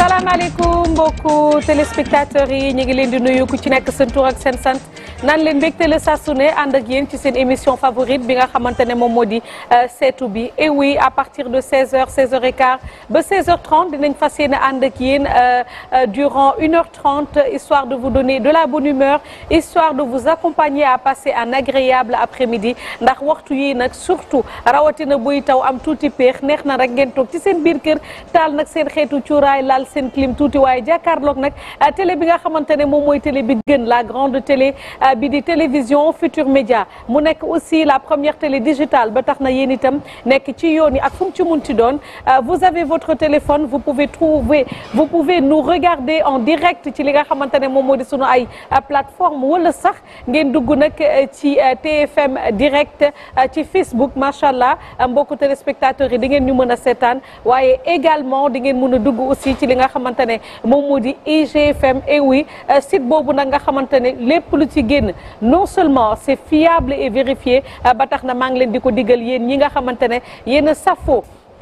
salaamaaleykum mbokku téléspectateurs yi ñu ngi leen di nuyu ku ci nekk seen tur ak seen sant. naan leen mbégte la saa su ne ànd ak yéen ci seen émission favorite bi nga xamante ne moom moo di euh, seetu bi et oui à partir de 16h 16h15 ba 16h30 dinañ fas yéene ànd ak yéen euh, euh, durant 1h30 histoire de vous donner de la bonne humeur histoire de vous accompagner à passer un agréable après-midi ndax waxtu yi nag surtout rawatina buy taw am tuuti peex neex na rek ngeen toog ci seen biir kër taal nag seen xeetu cuuraay laal seen clim tuuti waaye jàkkaarloog nag télé bi nga xamante ne moom mooy télé bi gën la grande télé. bi di télévision Futur Média mu nekk aussi la première télé digitale ba tax na yéen itam nekk ci yoon yi ak fu mu ci munti doon euh, vous avez votre téléphone vous pouvez trouver vous pouvez nous regarder en direct ci li nga xamante ne moom moo di sunu ay euh, plateforme wala sax ngeen dugg nag euh, ci TFM direct ci Facebook macha allah mbokku téléspectateurs yi di ngeen ñu mën a seetaan waaye également di ngeen mën a dugg aussi ci li nga xamante ne moom moo di IGFM et oui site boobu nag nga xamante ne lépp génn non seulement c'est fiable et vérifié euh, ba tax na maa ngi leen di ko digal yéen ñi nga xamante ne yéen a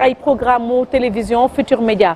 ay programme mu télévision Futur Média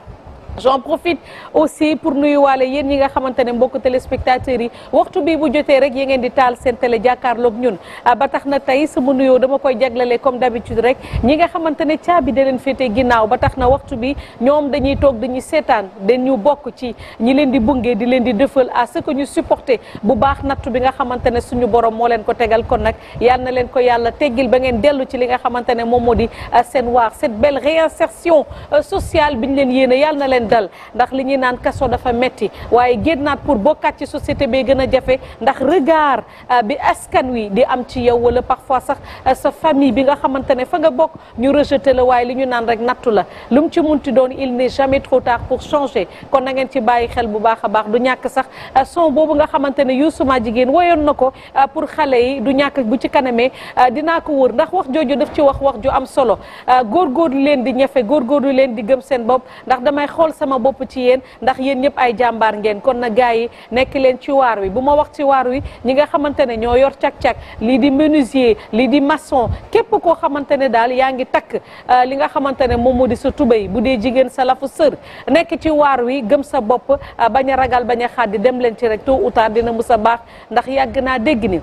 j'en profite aussi pour nuyuwaale yéen ñi nga xamante ne mbokk téléspectateurs yi waxtu bi bu jotee rek yi ngeen di taal seen télé jàkkaarloog ñun ah, ba tax na tey sama nuyoo dama koy jaglale comme d'habitude rek ñi nga xamante ne caabi da leen féete ginnaaw ba tax na waxtu bi ñoom dañuy toog dañuy seetaan dañu bokk ci ñi leen di bungee di leen di dëfal à ce ñu supporter bu baax nattu bi nga xamante ne suñu borom moo leen ko tegal kon nag yal na leen ko yàlla teggil ba ngeen dellu ci li nga xamante ne moom moo di ah, seen waar cette belle réinsertion euh, sociale biñ leen yéene leen dal ndax li ñuy naan kaso dafa metti waaye génnaat pour bokkaat ci société bee gën a jafe ndax regard euh, bi askan wi di am ci yow wala parfois sax euh, sa famille bi nga xamante ne fa nga bokk ñu rejeté la waaye li ñu naan rek nattu la lu mu ci munti doon il n'est jamais trop tard pour changer kon na ngeen ci bàyyi xel bu baax a baax du ñàkk sax euh, son boobu nga xamante ne Youssouma jigéen woyoon na ko pour xale yi du ñàkk bu ci kanamee dinaa ko wër ndax wax jooju daf ci wax wax ju am solo góorgóorlu leen di ñefe góorgóorlu leen di gëm seen bopp sama bopp ci yéen ndax yéen ñëpp ay jàmbaar ngeen kon na gars yi nekk leen ci waar wi bu ma wax ci waar wi ñi nga xamante ne ñoo yor cak-cak lii di menuisier lii di masson képp koo xamante ne daal yaa ngi takk euh, li nga xamante ne moom moo di sa tubéy bu dee jigéen sa lafu sër nekk ci waar wi gëm sa bopp euh, bañ a ragal bañ a xaddi dem leen ci rek tôt ou tard dina mus a baax ndax yàgg naa dégg ni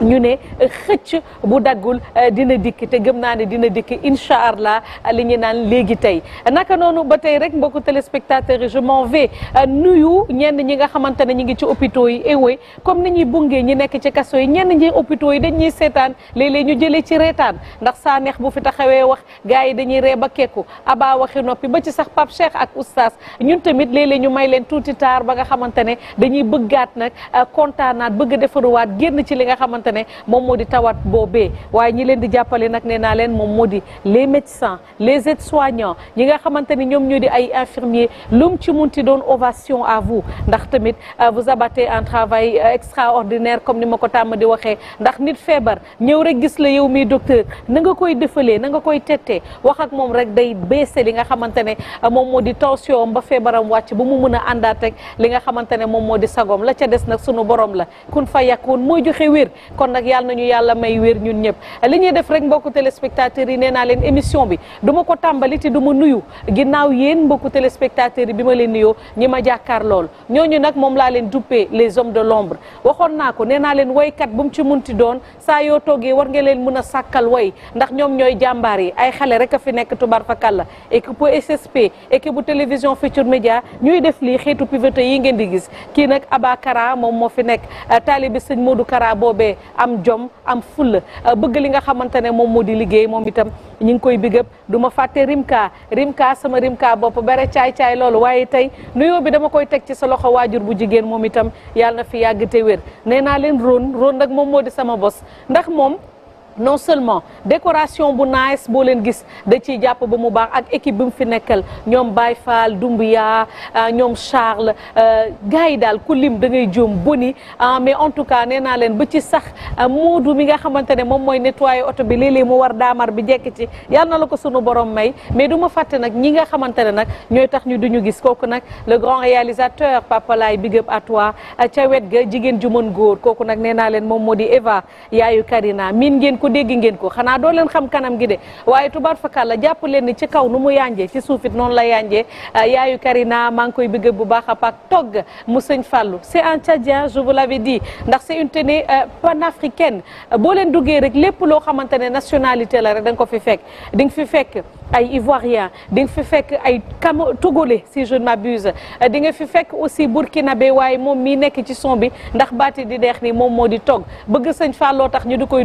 ñu ne xëcc bu daggul euh, dina dikk te gëm naa ne dina dikk incha allah li ñu naan léegi tey naka noonu ba tey rek mbokku téléspectateurs yi je m'en vais euh, nuyu ñenn ñi nga xamante ne ñu ngi ci hôpitaux yi ewe eh comme ni ñuy bungee ñi nekk ci kaso yi ñenn ñi hôpitaux yi dañuy seetaan léeg-léeg ñu jëlee ci reetaan ndax saa bu fi taxawee wax gars yi dañuy ree ba kekku abaa waxi noppi ba ci sax pap Cheikh ak oustaz ñun tamit léeg ñu may leen tuuti taar ba nga xamante ne dañuy bëggaat nag euh, kontaanaat bëgg defaruwaat génn ci li nga xam xamante moom moo di tawat boobee waaye ñi leen di jàppale nag nee naa leen moom moo di les médecins les aides soignants ñi nga xamante ne ñoom ñoo di ay infirmiers lum ci mun munti doon ovation à vous ndax tamit euh, vous abattez un travail euh, extraordinaire comme ni ma ko tàmm di waxee ndax nit feebar ñëw rek gis la yow mi docteur na nga koy defalee na nga koy tettee wax ak moom rek day baissé li nga xamante ne euh, moom moo di tension ba feebaram wàcc ba mu mën a àndaat rek li nga xamante ne moom moo di sagoom la ca des nag sunu borom la kon nag yàlla nañu yàlla may wér ñun ñëpp li ñuy def rek mbokku téléspectateurs yi nee naa leen émission bi du ko tàmbali te du ma nuyu ginnaaw yéen mbokku téléspectateurs yi bi ma leen nuyoo ñi ma jàkkaar lool ñooñu nag moom laa leen duppee les hommes de l'ombre waxoon naa ko nee naa leen woy kat mu ci munti doon saa yoo toogee war nga leen mën a sàkkal woy ndax ñoom ñooy jàmbaar yi ay xale rek a fi nekk tubar fakalla équipe SSP équipe bu télévision Futurs Médias ñuy def lii xeetu pivoté yi ngeen di gis kii nag Aba moom moo fi nekk taalibi am jom am fulla euh, bëgg li nga xamante ne moom moo di liggéey moom itam ñu ngi koy bigëb du ma fàtte rimka rimka sama rimka bopp bere caay-caay loolu waaye tey nuyoo bi dama koy teg ci sa loxo waajur bu jigéen moom itam yàlla na fi yàgg te wér nee naa leen roon róon nag moom moo di sama bos ndax moom non seulement décoration bu nice boo leen gis da ciy jàpp ba mu baax ak équipe bi mu fi nekkal ñoom Baye Fall Doumbia euh, ñoom Charles euh, gars yi daal ku lim da ngay jóom boni ah, mais en tout cas nee naa leen ba ci sax euh, du mi nga xamante ne moom mooy nettoyer oto bi léeg-léeg war daamar bi jekk ci yàlla na la ko sunu borom may mais du ma fàtte nag ñi nga xamante ne nag ñooy tax ñu duñu gis kooku nag le grand réalisateur Papa Laye big up à toi ca wet ga jigéen ju mën góor kooku nag nee naa leen moom moo di Eva yaayu Karina min ko dégg ngeen ko xanaa doo leen xam kanam gi de waaye tubaar fakal la jàpp leen ni ci kaw nu mu yanjee ci suufit noonu la yanjee euh, yaayu Karina maa ngi koy bëgg bu baax a baax togg mu sëñ Fallou c'est un Tchadien je la l'avais dit ndax c'est une tenue euh, panafricaine euh, boo leen duggee rek lépp loo xamante ne nationalité la rek da ko fi fekk di nga fi fekk ay Ivoirien di nga fi fekk ay Camo Togolais si je m'abuse di nga fi fekk aussi Burkinabé waaye moom mii nekk ci son bi ndax baati di deex ni moom moo di togg bëgg sëñ Fallou tax koy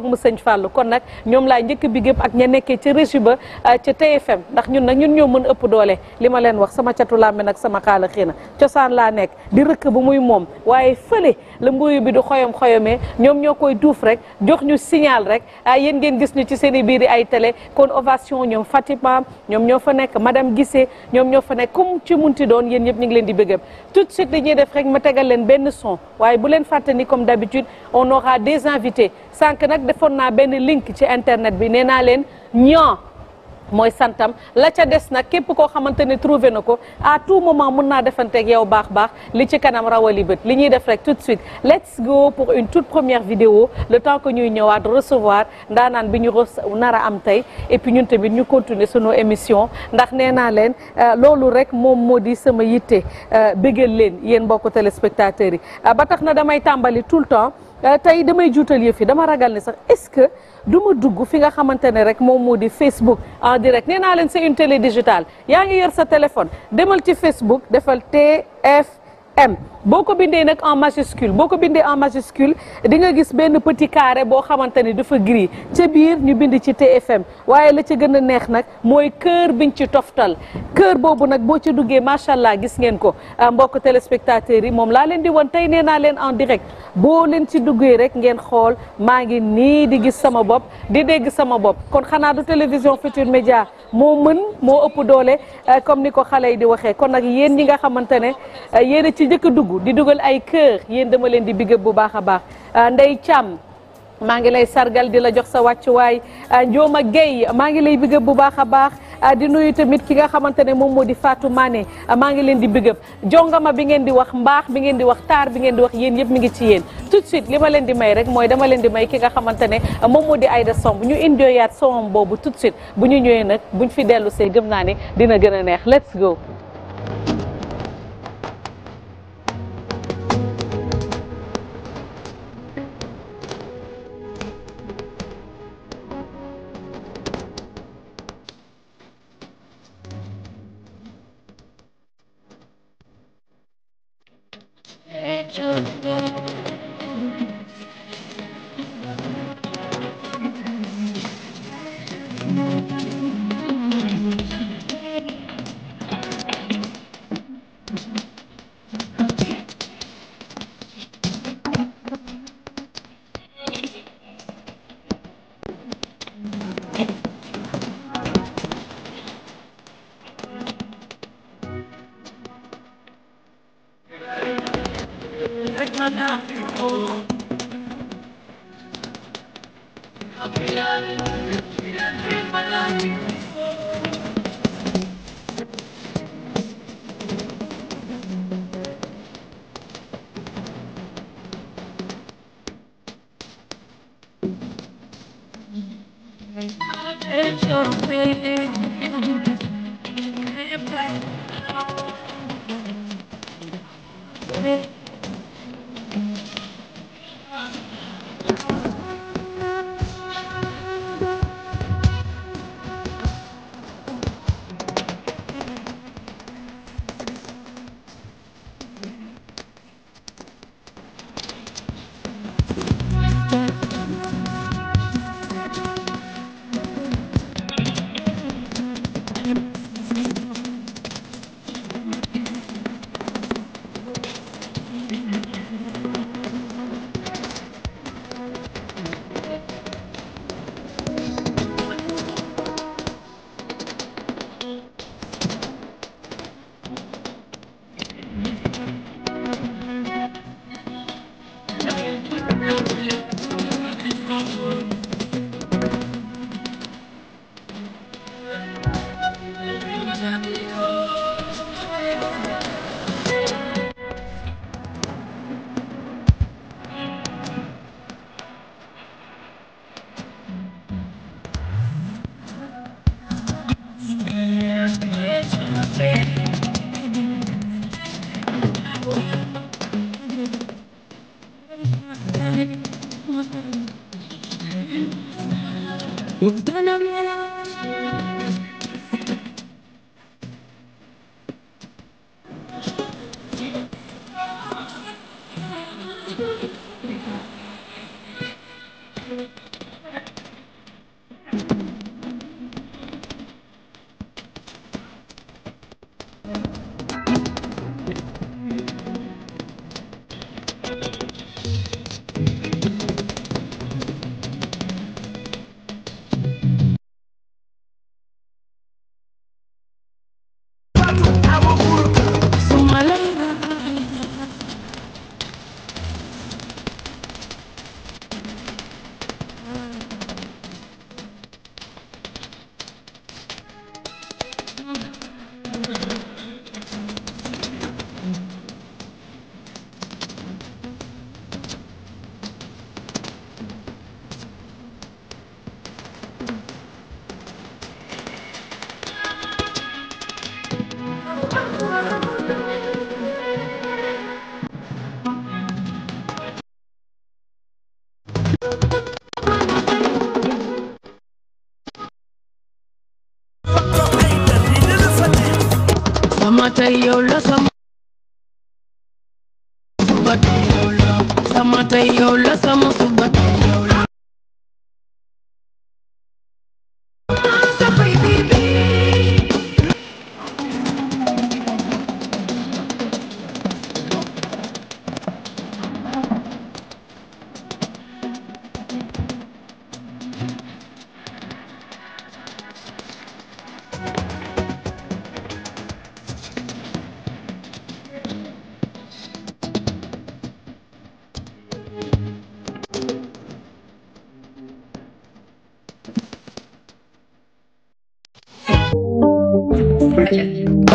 dogmu sëñ Fallou kon nag ñoom laay njëkk bi gépp ak ña nekkee ca régi ba euh, ca TFM ndax ñun nag ñun ñoo mën ëpp doole li ma leen wax sama catu làmmiñ nag sama xaala xii na cosaan laa nekk di rëkk ba muy moom waaye fële la mburu bi du xoyom xoyomee ñoom ñoo koy duuf rek jox ñu signal rek ah yéen ngeen gis ñu ci seen i biir ay télé kon ovation ñoom Fatima ñoom ñoo fa nekk madame Guissé ñoom ñoo fa nekk comme ci munti doon yéen ñëpp ñu ngi leen di bëggam tout de suite dañuy def ma tegal leen benn son waaye bu leen fàtte ni comme d'habitude on aura des invités sànq nag defoon naa benn link ci internet bi nee naa leen ñan mooy santam la ca des nag képp koo xamante ne trouvé na ko à tout moment mun naa defanteeg yow baax baax li ci kanam rawali bët li ñuy def rek tout de suite let's go pour une toute première vidéo le temps que ñuy ñëwaat recevoir ndaanaan bi ñu nar a am tey et puis ñun ñu continuer sunu émission ndax nee naa leen euh, loolu rek moom moo di sama yitte euh, bégal leen yéen mbokku téléspectateurs yi euh, ba tax na damay tàmbali tout le temps Euh, tey damay juutal yëf yi dama ragal ne sax est-ce que du ma dugg fi nga xamante ne rek moom moo di Facebook en direct nee naa leen c'est une télé digitale yaa ngi yor sa téléphone demal ci Facebook defal TF. M boo ko bindee nag en majuscule boo ko bindee en majuscule di nga gis benn petit carré boo xamante ni dafa gris ca biir ñu bind ci TFM waaye la ci gën a neex nag mooy kër biñ ci toftal kër boobu nag boo ci duggee macha allah gis ngeen ko ah, mbokk téléspectateurs yi moom laa leen di won tey nee naa leen en direct boo leen ci duggee rek ngeen xool maa ngi nii di gis sama bopp di dégg sama bopp kon xanaa du télévision Futur Média moo mën moo ëpp doole eh, comme ni ko xale yi di waxee kon nag yéen ñi nga xamante ne eh, njëkk a dugg di dugal ay kër yéen dama leen di bigëb bu baax a baax ah, Ndey Thiam maa ngi lay sargal di la jox sa wàccuwaay ah, Ndioma Gueye maa ngi lay bigëb bu baax a baax ah, di nuyu tamit ki nga xamante ne moom moo di Fatou Mané maa ngi leen di bigëb jongama bi ngeen di wax mbaax bi ngeen di wax taar bi ngeen di wax yéen yëpp mi ngi ci yéen tout de li ma leen di may rek mooy dama leen di may ki nga xamante ne moom moo di Aïda Somb ñu indioyaat somam boobu tout bu ñu ñëwee nag buñ fi dellu see gëm naa ne dina gën a neex let's go you. tey yow la sama tey yow la Pleasure.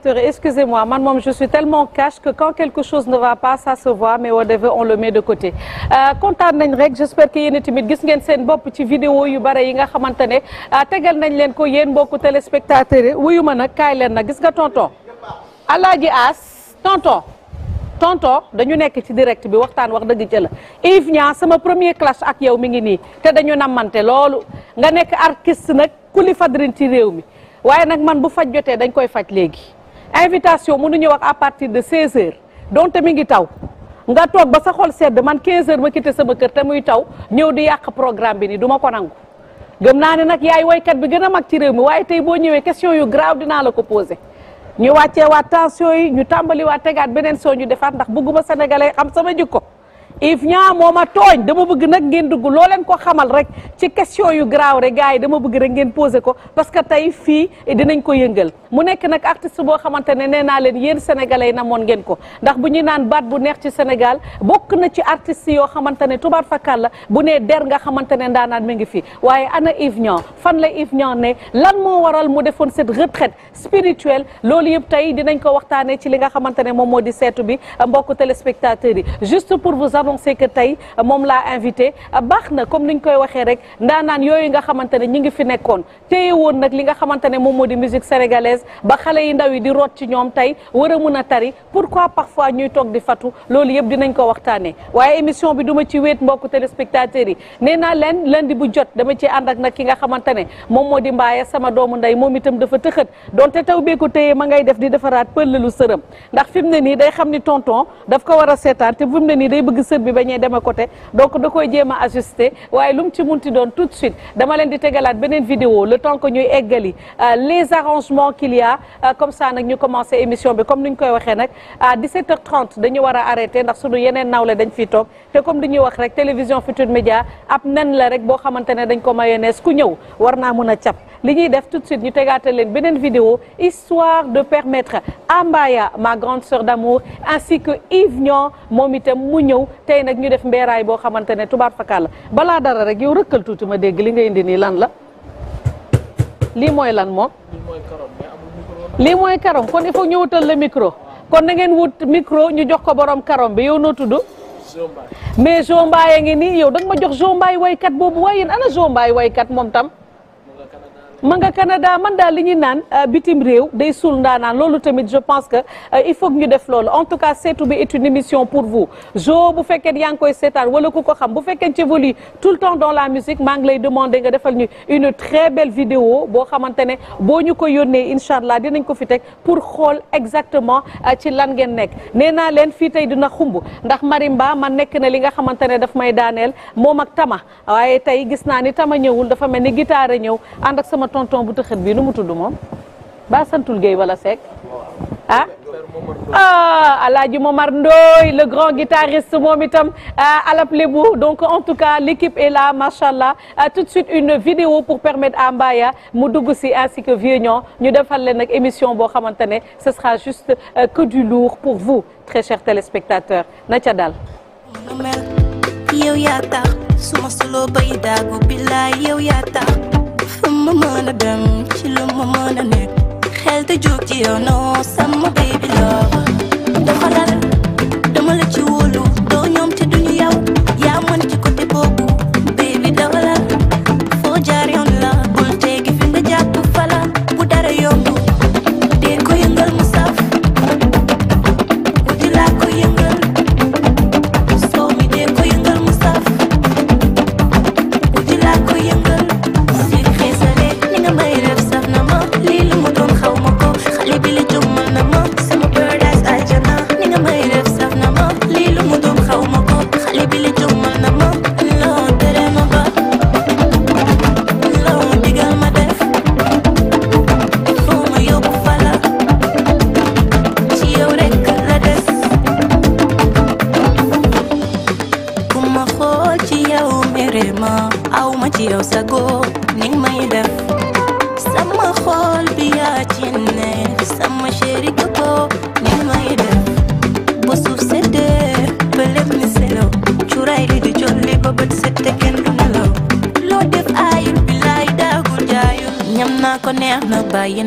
téléspectateurs, excusez-moi, man moom je suis tellement cash que quand quelque chose ne va pas ça se voit mais au début on le met de côté euh, kontaan nañ rek j'espère que yéen tamit gis ngeen seen bopp ci vidéo yu bare yi nga xamante ne euh, tegal nañ leen ko yéen mbokku téléspectateurs yi wuyu ma nag kaay leen na gis nga tonton Alaaji As tonton tonton dañu nekk ci direct bi waxtaan wax dëgg jëla la Yves sama premier clash ak yow mi ngi nii te dañu nammante loolu nga nekk artiste nag kuli fadrin ci réew mi waaye nag man bu faj jotee dañ koy faj léegi invitation mënu ñëw ak à partir de 16h donte mi ngi taw nga toog ba sa xol sedd man 15h ma quitté sama kër te muy taw ñëw di yàq programme bi nii du ma ko nangu. gëm naa ne nag yaay woykat bi gën a mag ci réew mi waaye tey boo ñëwee question yu grave dinaa la ko posé ñu wàccee waat tension yi ñu tàmbaliwaat tegaat beneen soo ñu defaat ndax bëgguma sénégalais xam sama jikko if ñaa moo ma tooñ dama bëgg nag ngeen dugg loo leen ko xamal rek ci question yu graaw rek gars yi dama bëgg rek ngeen posé ko parce que tey fii dinañ ko yëngal mu nekk nag artiste boo xamante ne nee naa leen yéen sénégalais namoon ngeen ko ndax bu ñuy naan baat bu neex ci Sénégal bokk na ci artiste yoo xamante ne tubaab fakkal la bu nee der nga xamante ne ndaanaan mi ngi fi waaye ana Yves Niang fan la Yves Niang ne lan moo waral mu defoon cette retraite spirituelle loolu yëpp tey dinañ ko waxtaanee ci li nga xamante ne moom moo di seetu bi mbokku téléspectateurs yi avancé que tey euh, moom laa invité euh, baax na comme ni ñu koy waxee rek ndaanaan yooyu nga xamante ne ñi ngi fi nekkoon téye woon nag li nga xamante ne moom moo di musique sénégalaise ba xale yi ndaw yi di root ci ñoom tey wara mun a tari pourquoi parfois ñuy toog di fatu loolu yëpp dinañ ko waxtaanee waaye émission bi duma ma ci wéet mbokku téléspectateurs yi nee naa leen lundi bu jot dama ci ànd ak nag ki nga xamante ne moom moo di mbaaye sama doomu ndey moom itam dafa tëxët donte taw bee ko téye ma ngay def di defaraat pëllalu sërëm ndax fi mu ne nii day xam ni tonton daf ko war a bëgg sër bi bañee dem a côté donc da koy jéem waaye lu mu ci munti doon tout de suite dama leen di tegalaat beneen vidéo le temps que ñuy eggali euh, les arrangements qu'il y euh, comme ça nag ñu commencé émission bi comme ni ñu koy waxee nag à 17h30 dañu war a ndax sunu yeneen nawle dañ fiy toog te comme di wax rek télévision Futurs Médias ab nen la rek boo xamante dañ ko mayonnaise ku ñëw war mun a cap li ñuy def tout de suite ñu tegaatal leen beneen vidéo histoire de permettre Ambaya ma grande sœur d'amour ainsi que Yves Nian moom itam mu ñëw tey nag ñu def mbeeraay boo xamante ne tubaab fakal balaa dara rek yow rëkkal tuuti ma dégg li nga indi nii lan la lii mooy lan moom lii mooy karom kon il faut ñu wutal le micro kon na ngeen wut micro ñu jox ko borom karom bi yow no tudd mais Jombaay a ngi nii yow da nga ma jox Jombaay waykat boobu waaye ana Jombaay waykat moom tam ma nga Canada man daal li ñuy naan euh, bitim réew day suul naan loolu tamit je pense que euh, il faut ñu def loolu en tout cas seetu bi est une émission pour vous jo bu fekkee yaa ngi koy seetaan wala ku ko xam bu fekkee ci évolue tout le temps dans la musique maa ngi lay demander nga defal ñu une très belle vidéo boo xamante ne boo ñu ko yónnee incha allah dinañ ko fi teg pour xool exactement euh, ci lan ngeen nekk nee naa leen fii tey dina xumb ndax marimba man nekk na li nga xamante ne daf may daaneel moom ak tama waaye tey gis naa ni tama ñëwul dafa mel ni guitare ñëw ànd sama tonton bu tëxët bii nu mu tudd moom ba santul Guèye wala Seck ah ah Alaaji Momar Ndoy le grand guitariste moom itam ah, à la plébou donc en tout cas l'équipe est là machallah ah, tout de suite une vidéo pour permettre à Mbaya mu dugg si ainsi que Vieux Niang ñu defal leen nag émission boo xamante ne ce sera juste euh, que du lourd pour vous très chers téléspectateurs na dal ma mën a dem ci lu ma mën a xel te jóg ci yow sama baby love doxalal dama ci woo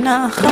那。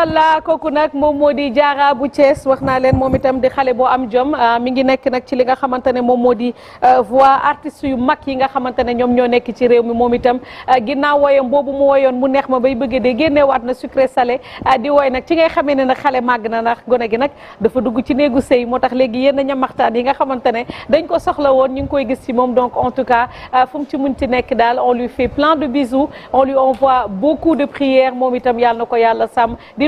macha allah kooku nag moom moo di jaara bu Thiès wax naa leen moom itam di xale boo am jom ah, mi ngi nekk nag ci li nga xamante ne moom moo di ah, voix artistes yu mag yi nga xamante ne ñoom ñoo nekk ci réew mi moom itam ah, ginnaaw woyam boobu mu woyoon mu neex ma bay bëggee de génneewaat na sucré salé di woy nag ci ngay xamee ne nag xale màgg na ndax gone gi nag dafa dugg ci néegu sëy moo tax léegi yéen ñamaxtaan yi nga xamante ne dañ ko soxla woon ñu ngi koy gis ci moom donc en tout cas fu mu ci nekk daal on lui fait plein de bisous on lui envoie beaucoup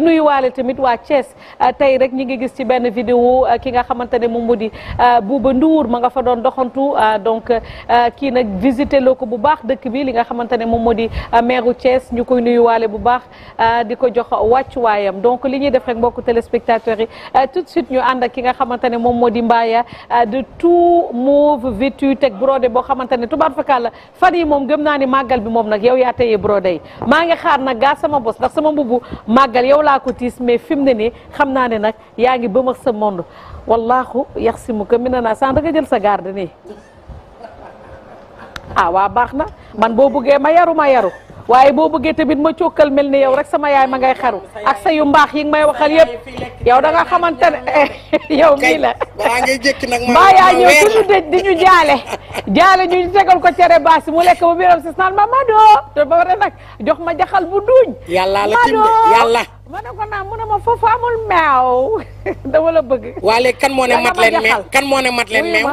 nuyuwaale tamit waa Thiès euh, tey rek ñi ngi gis ci benn vidéo euh, ki nga xamante ne moom mu di euh, Bouba Ndour ma nga fa doon doxantu donc kii nag visité loo ko bu baax dëkk bi li nga xamante ne moom moo di maire Thiès ñu koy nuyuwaale bu baax di ko jox wàccuwaayam donc li ñuy def rek mbokku téléspectateurs yi tout suite ñu ànd ki nga xamante ne moom moo di Mbaaya de tout mauve vêtu teg brodé boo xamante ne tubaab fakal la fan yi moom gëm naa ni màggal bi moom nag yow yaa teye brodé yi ngi sama bos ndax sama mbubu màggal yow laa ko tiis mais fi mu ne nii xam naa ne nag yaa ngi bëmax sa monde wallaahu yax si mu ko na naa sànq nga jël sa garde nii ah waa baax na man boo buggee ma yaru ma yaru waaye boo bëggee tamit ma cokkal mel ni yow rek sama yaay ma ngay xaru ak sa yu mbaax yi nga may waxal yëpp yow da nga xamante ne yow mii la mbaa yaa ñëw suñu dëj di ñu jaale jaale ñu tegal ko cere baasi mu lekk ba biiram si naan ma madoo te ba pare nag jox ma jaxal bu duñ yàlla la timbe ma ne ko naa mu ne ma foofu amul meew dama la bëgg. waale léegi kan moo ne mat leen meew kan moo mat leen meew.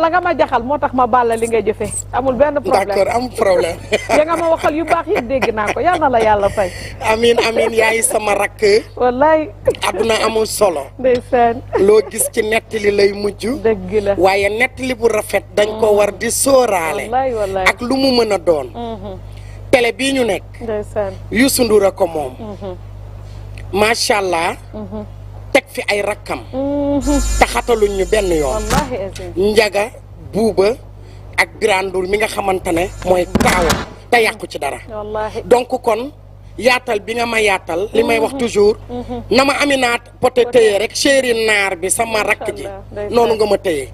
la nga ma jaxal moo tax ma baal la li nga jëfe amul benn problème d'accord am problème. ya nga ma waxal yu baax yi dégg naa ko yal na la yàlla fay. amiin amiin yaay sama rakk. wallaay. adduna amul solo. loo gis ci li lay mujj. dëgg la waaye netti li bu rafet. dañ ko war di sóoraale. wallaay wallaay ak lu mu mën a doon. Mhm. télé bii ñu nekk. ndeysaan Youssou Ndour a ko moom. Mhm. macha allah. Mm-hmm. teg fi ay rakkam. Mm-hmm. taxataluñ ñu benn yoon. njaga buuba ak birandul mi nga xamante ne mooy mm-hmm. kaawa te yàqu ci dara. donc kon yaatal bi nga ma yaatal. li may wax toujours. na ma ami naa poté téye rek chéri naar bi sama rakk ji. noonu nga ma téye.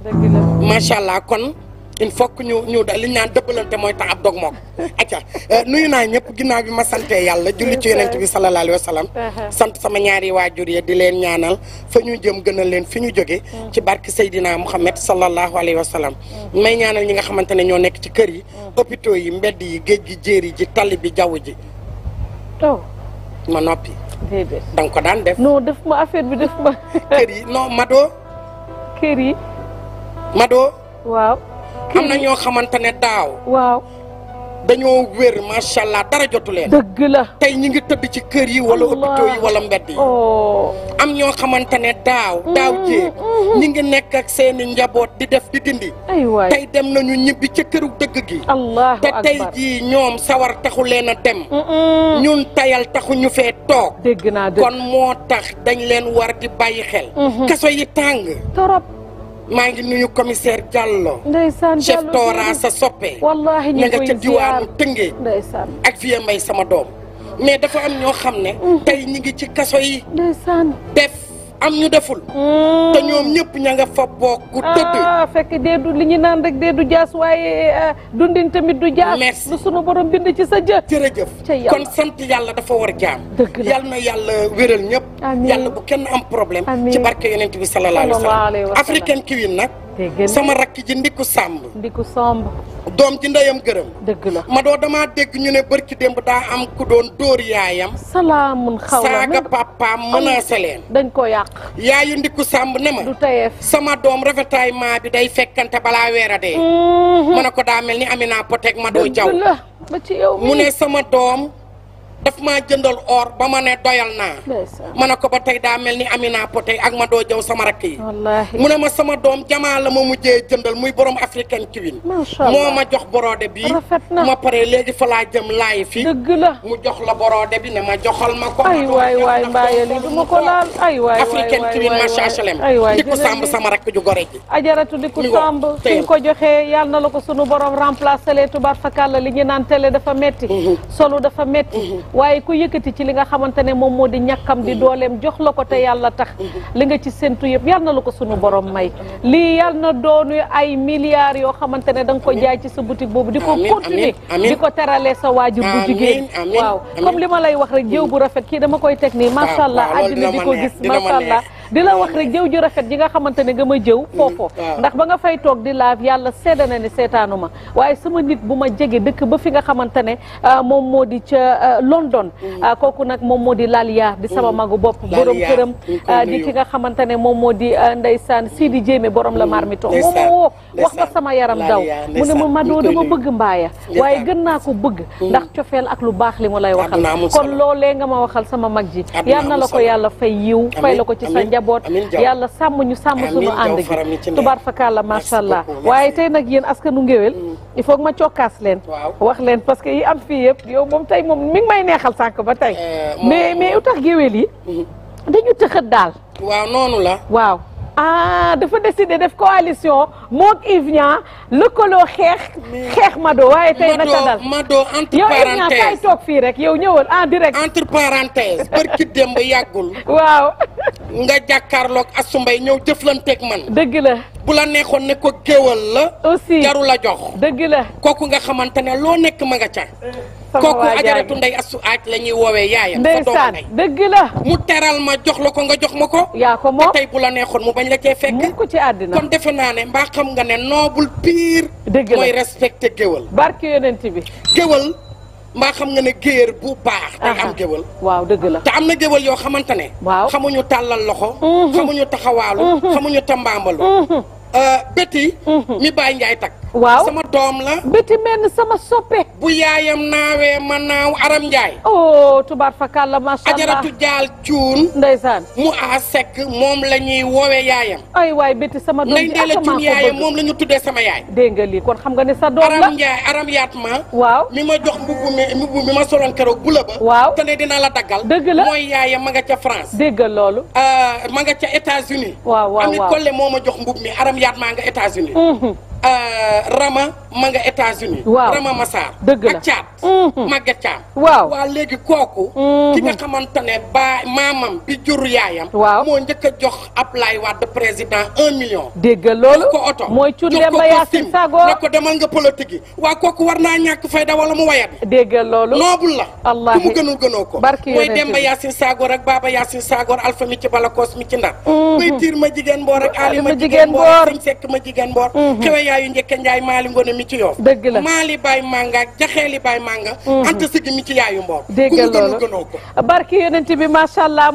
macha allah kon. il faut que ñu ñu li ñu naan dëbbalante mooy tax ab dog moom acca eh, nuyu naa ñëpp ginnaaw bi ma santee yàlla julli ci yonent bi salallaahu alayhi uh-huh. sant sama ñaari waajur ya di leen ñaanal fa ñu jëm gënal leen fi ñu jóge uh-huh. ci barke Seydina Muhammad salallaahu alayhi wa sallam uh-huh. may ñaanal ñi nga xamante ne ñoo nekk ci kër yi hôpitaux yi mbedd yi géej gi jéeri ji tali bi jaww ji ma noppi danga ko daan def non def ma affaire bi def ma kër yi non Mado kër yi Mado waaw am na ñoo xamante ne daaw. dañoo wér macha allah dara jotu leen. dëgg la tey ñi ngi tëdd ci kër yi wala hôpitaux yi wala mbedd yi. Oh. am ñoo xamante ne daaw. Mm-hmm, daaw jéeg mm-hmm. ñi ngi nekk ak seeni njaboot di def di dindi. tey dem nañu ñibbi ci këru dëgg gi. te tey jii ñoom sawar taxu leen a dem. ñun tayal taxu ñu fee toog. dëgg naa kon moo tax dañ leen war di bàyyi xel. Mm-hmm. kaso yi tàng. torop. maa ngi nuyu commissaire Diallo. ndeysaan Diallo sa soppe. wallaahi ñu nga ca diwaanu Tëngéej. ndeysaan ak fii mbay sama doom. mais dafa am ñoo xam ne. Mm. tey ñi ngi ci kaso yi. ndeysaan def. am ñu deful. Hmm. te ñoom ñëpp ña nga fa bokk ah, tëdd. ah fekk dee du li ñu naan rek dee du jaas waaye eh, dundin tamit du jaas. merci lu sunu borom bind ci sa jë. jërëjëf kon sant yàlla dafa war jaam. dëgg la yàlla na yàlla wéral ñëpp. yàlla bu kenn am problème. ci barke yonent bi sallallahu alayhi wa sallam africaine kiwi nag. sama rakk ji ndiku sàmb ndiku somb doom ji ndeyam gërëm dëgg la ma doo dama dégg ñu ne bërki démb daa am ku doon dóor yaayam salaamun xaw la saaga papaam dañ ko yàq yaayu ndiku sàmb ne ma du tayeef sama doom rafetaay maa bi day fekkante balaa weer a dee mhm. ma ne ko daa mel ni Amina Potek ma doo jaw ba ci yow mu ne sama doom daf maa jëndal or ba ma ne doyal naa ma ne ko ba tey daa mel ni Amina Poté ak ma doo jëw sama rakk yi mu ne ma sama doom jamaa la ma mujjee jëndal muy borom africaine kiwin moo ma jox borode bi ma pare léegi fa laa jëm laay fi mu jox la borode bi ne ma joxal ma ko ay waay waay mbaaye li duma ko laal ay waay africaine kiwin ma chachalem di ko sàmb sama rakk ju gore ji ajaratu di ko sàmb fi ko joxee yàlla na la ko sunu borom remplacé lee tubaar fakàlla li ñu naan télé dafa metti mm-hmm. solo dafa metti mm-hmm. waaye ku yëkkati ci li nga xamante ne moom moo di ñàkkam di dooleem jox la ko te yàlla tax li nga ci séntu yëpp yal na la ko sunu borom may lii yal na doonu ay milliards yoo xamante ne da nga ko jaay ci sa boutique boobu di ko continuer di ko teralee sa waajur bu jigéen waaw comme li ma lay wax rek jëw bu rafet kii dama koy teg nii macha allah àddina di ko gis macha allah di la wax rek jëw ju rafet ji nga xamante ne nga ma jëw foofu mm. ah. ndax ba nga fay toog di laaf yàlla seede na ne seetaanu ma waaye sama nit bu ma jege dëkk ba fi nga xamante ne ah, moom moo di ca ah, London mm. kooku nag moom moo di Laliya di sama mm. magu bopp borom këram di ki nga xamante ne moom moo di ndey saan sii di Jéeme borom la marmiton moom ma woo wax ba sama yaram daw mu ne ma madoo dama bëgg mbaaya waaye gën naa ko bëgg ndax cofeel ak lu baax li mu lay waxal kon loolee nga ma waxal sama mag ji yal na la ko yàlla fay yiw njaboot yàlla sàmm ñu sàmm sunu ànd gi tubaar fakalla macha allah waaye tey nag yéen askanu ngéwél mm. il faut ma cokkaas leen wax leen parce que yi am fii yëpp yow moom tey moom mi ngi may neexal sànq ba tey eh, mais mais u tax géwél yi mm-hmm. dañu tëxët daal waaw noonu la waaw ah dafa décidé def coalition moog Yves Niang lëkkaloo xeex xeex Mado waaye tey naka yow Yves Niang kay toog fii rek yow ñëwal en direct entre parenthèse barki démb yàggul waaw nga jàkkaarloog Assou Mbaye ñëw jëflanteeg man. dëgg la. bu la neexoon ne ko géwal la. aussi la jox. dëgg la kooku nga xamante ne loo nekk ma nga ca. Eh, kooku ajaratu nday asu aaj la ñuy woowee yaayam. ndeysaan dëgg la mu teral ma jox la ko nga jox ma ko. yaa ko moom tey bu la neexoon mu bañ la cee fekk. mu ko ci àddina kon defe naa ne mbaa xam nga ne noble pire. dëgg la mooy respecté géwal. barke yonent bi géwal. mbaa xam nga ne géer bu baax. day am géwël. waaw dëgg la te am na géwël yoo xamante ne. waaw xamuñu tàllal loxo. Mhm. xamuñu taxawaalu. Mhm. xamuñu tambaambalu. Mhm. Euh, bétti. mi bàyyi njaay takk. waaw sama doom la. béti mel sama soppe. bu yaayam naawee ma naaw Aram Ndiaye. oh tubaab fakal la macha allah ajaratu jaal cuun. ndeysaan mu a sekk moom la ñuy woowee yaayam. ay waay béti sama doom bi ak cuun moom la ñu tuddee sama yaay. dégg lii kon xam nga ne sa doom la Aram Ndiaye Aram yaat ma. waaw mi ma jox mbubu mi mbubu mi ma soloon keroog gula ba. waaw te ne dina la daggal. dëgg la mooy yaayam ma nga ca France. dégg nga loolu. Euh, ma nga ca États-Unis. waaw waaw waaw moo ma jox mbub mi Aram maa nga États-Unis. Euh, Rama ma nga États-Unis waaw Rama Massar dëgg la ak Thiat mhm. Maguette Thiam waaw waaw léegi kooku ki nga mhm. xamante ne ba maamam bi jur yaayam waaw moo njëkk a jox Ablaye Wade président un million dégg loolu ko oto mooy cundemba yaasin sago ne ko demal nga politique yi waa kooku war naa ñàkk fayda wala mu wayat bi dégg loolu noobul la allah ku mu gënul gënoo ko barki mooy demba yaasin sagoor ak baaba yaasin sagoor alpha mi ci balakoos mi ci ndar mhm. muy tiir ma jigéen mboor ak aali ma jigéen mboor yaayu njëkke njaay maali ngone mi ci yoof dëgg la maali baay manga ak jaxeeli baay manga mhm. anta sigi mi ci yaayu mboor dégg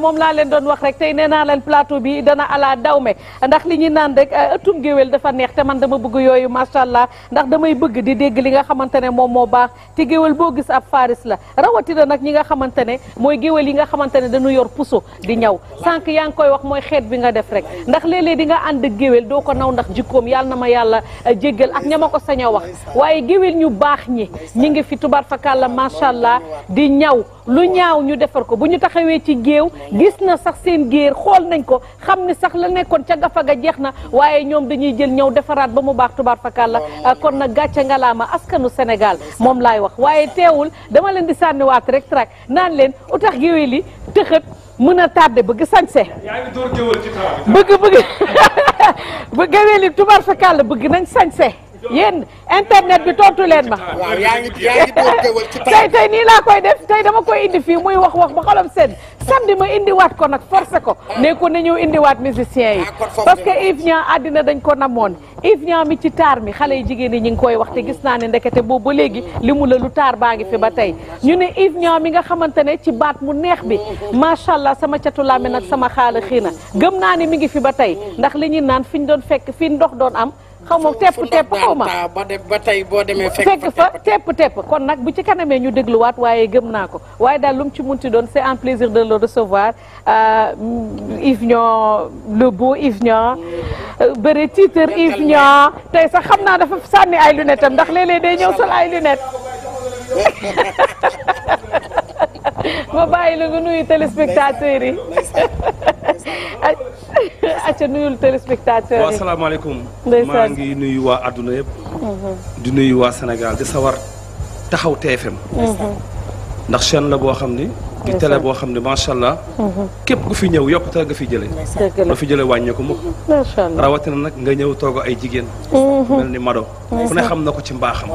moom laa leen doon wax rek tey nee naa leen plateau bi dana ala dawme ndax li ñuy naan rek euh, ëttum géwél dafa neex te man dama bëgg yooyu macha allah ndax damay bëgg di dégg li nga xamante ne moom moo baax te géwél boo gis ab faris la rawatina nag ñi nga xamante ne mooy géwél yi nga xamante ne dañu yor puso di ñaw sànq yaa ngi koy wax mooy xeet bi nga def rek ndax léeg di nga ànd géwél doo ko naw ndax jikkoom yal na ma yàlla jéggal ak ña ko saña wax waaye géwél ñu baax ñi ñu ngi fi tubaar fakàlla macha allah di ñaw lu ñaaw ñu defar ko bu ñu taxawee ci géew gis na sax seen géer xool nañ ko xam ni sax la nekkoon ca gafaga jeex na waaye ñoom dañuy jël ñëw defaraat ba mu baax tubaar fakàlla ah, kon nag gàcce ngalaama askanu Sénégal moom laay wax waaye teewul dama leen di sànniwaat rek trak naan leen tax géwél yi tëxët mën a tardé bëgg sañse bëgg bëgg ba géwél yi tubar fa kàll bëgg nañ sañse yéen internet bi tontu leen ma. tey tey nii laa koy def tey dama koy indi fii muy wax wax ba xolam seen samedi ma indiwaat ko nag forcé ko ah. ne ko na ñëw indiwaat musiciens yi. Ah, parce que Yves Niang àddina dañ ko namoon Yves Niang mi ci taar mi xale yi jigéen ñi ngi koy wax te gis naa ne ndekete boobu ba léegi li mu la lu taar baa ngi fi ba tey ñu ne Yves Niang mi nga xamante ne ci baat mu neex bi macha allah sama catu làmbi nag sama xaala xiina gëm naa ni mi ngi fi ba tey ndax li ñuy naan fi ñu doon fekk fi ndox doon am. xaw ma tepp tepp xaw ma ba tey boo demee fekk fa tepp tepp kon nag bu ci kanamee ñu dégluwaat waaye gëm naa ko waaye daal lu mu ci munti doon c'est un plaisir de le recevoir euh, Yves Niang le beau Yves Niang euh, bëre titre Yves Niang tey sax xam naa dafa sànni ay lunettes ndax léeg-léeg day ñëw sol ay lunettes ma bàyyi la nga nuyu téléspectateurs yi. acca nuyul téléspectateurs yi. waaw salaamaaleykum. maa ngi nuyu waa àdduna yëpp. Mhm. di nuyu waa Sénégal di sawar taxaw TFM. Mhm. ndax chaîne la boo xam ni. di télé boo xam ne macha allah. Mhm. képp ku fi ñëw yokkute nga fi jëlee. dëgg fi jëlee wàññeeku ko rawatina nag nga ñëw toog ay jigéen. Mhm. mel ni Mado. ku ne xam na ko ci mbaaxam.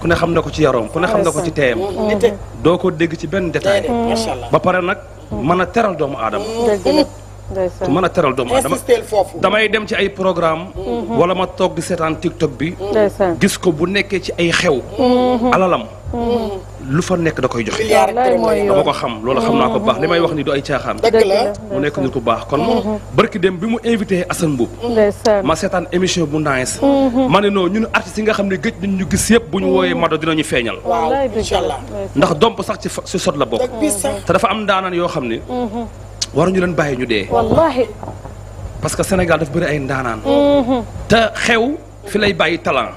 ku ne xam na ko ci yaroom ku ne xam na ko ci teeyam. Mhm. doo ko dégg ci benn détail. ba pare nag mën a teral doomu aadama. ku mën a teral doomu aadama damay dem ci ay programme wala ma toog di seetaan TikTok bi. gis ko bu nekkee ci ay xew. alalam. lu fa nekk da koy joxe. dama ko xam loolu xam naa ko baax li may wax ni du ay caaxaan. mu nekk nit ku baax kon. Mm-hmm. barki dem bi mu invité Assane Mboup. ma seetaan émission bu nice. Mm-hmm. ma ne non ñun artistes yi nga xam ne gëj nañ ñu gis yëpp bu ñu wooyee mm-hmm. Mado dinañu feeñal. waaw incha allah ndax domp sax ci sot la bokk. te dafa am ndaanaan yoo xam ne. a ñu leen bàyyi ñu dee. wallaahi. parce que Sénégal dafa bari ay ndaanaan. te xew fi lay bàyyi talent.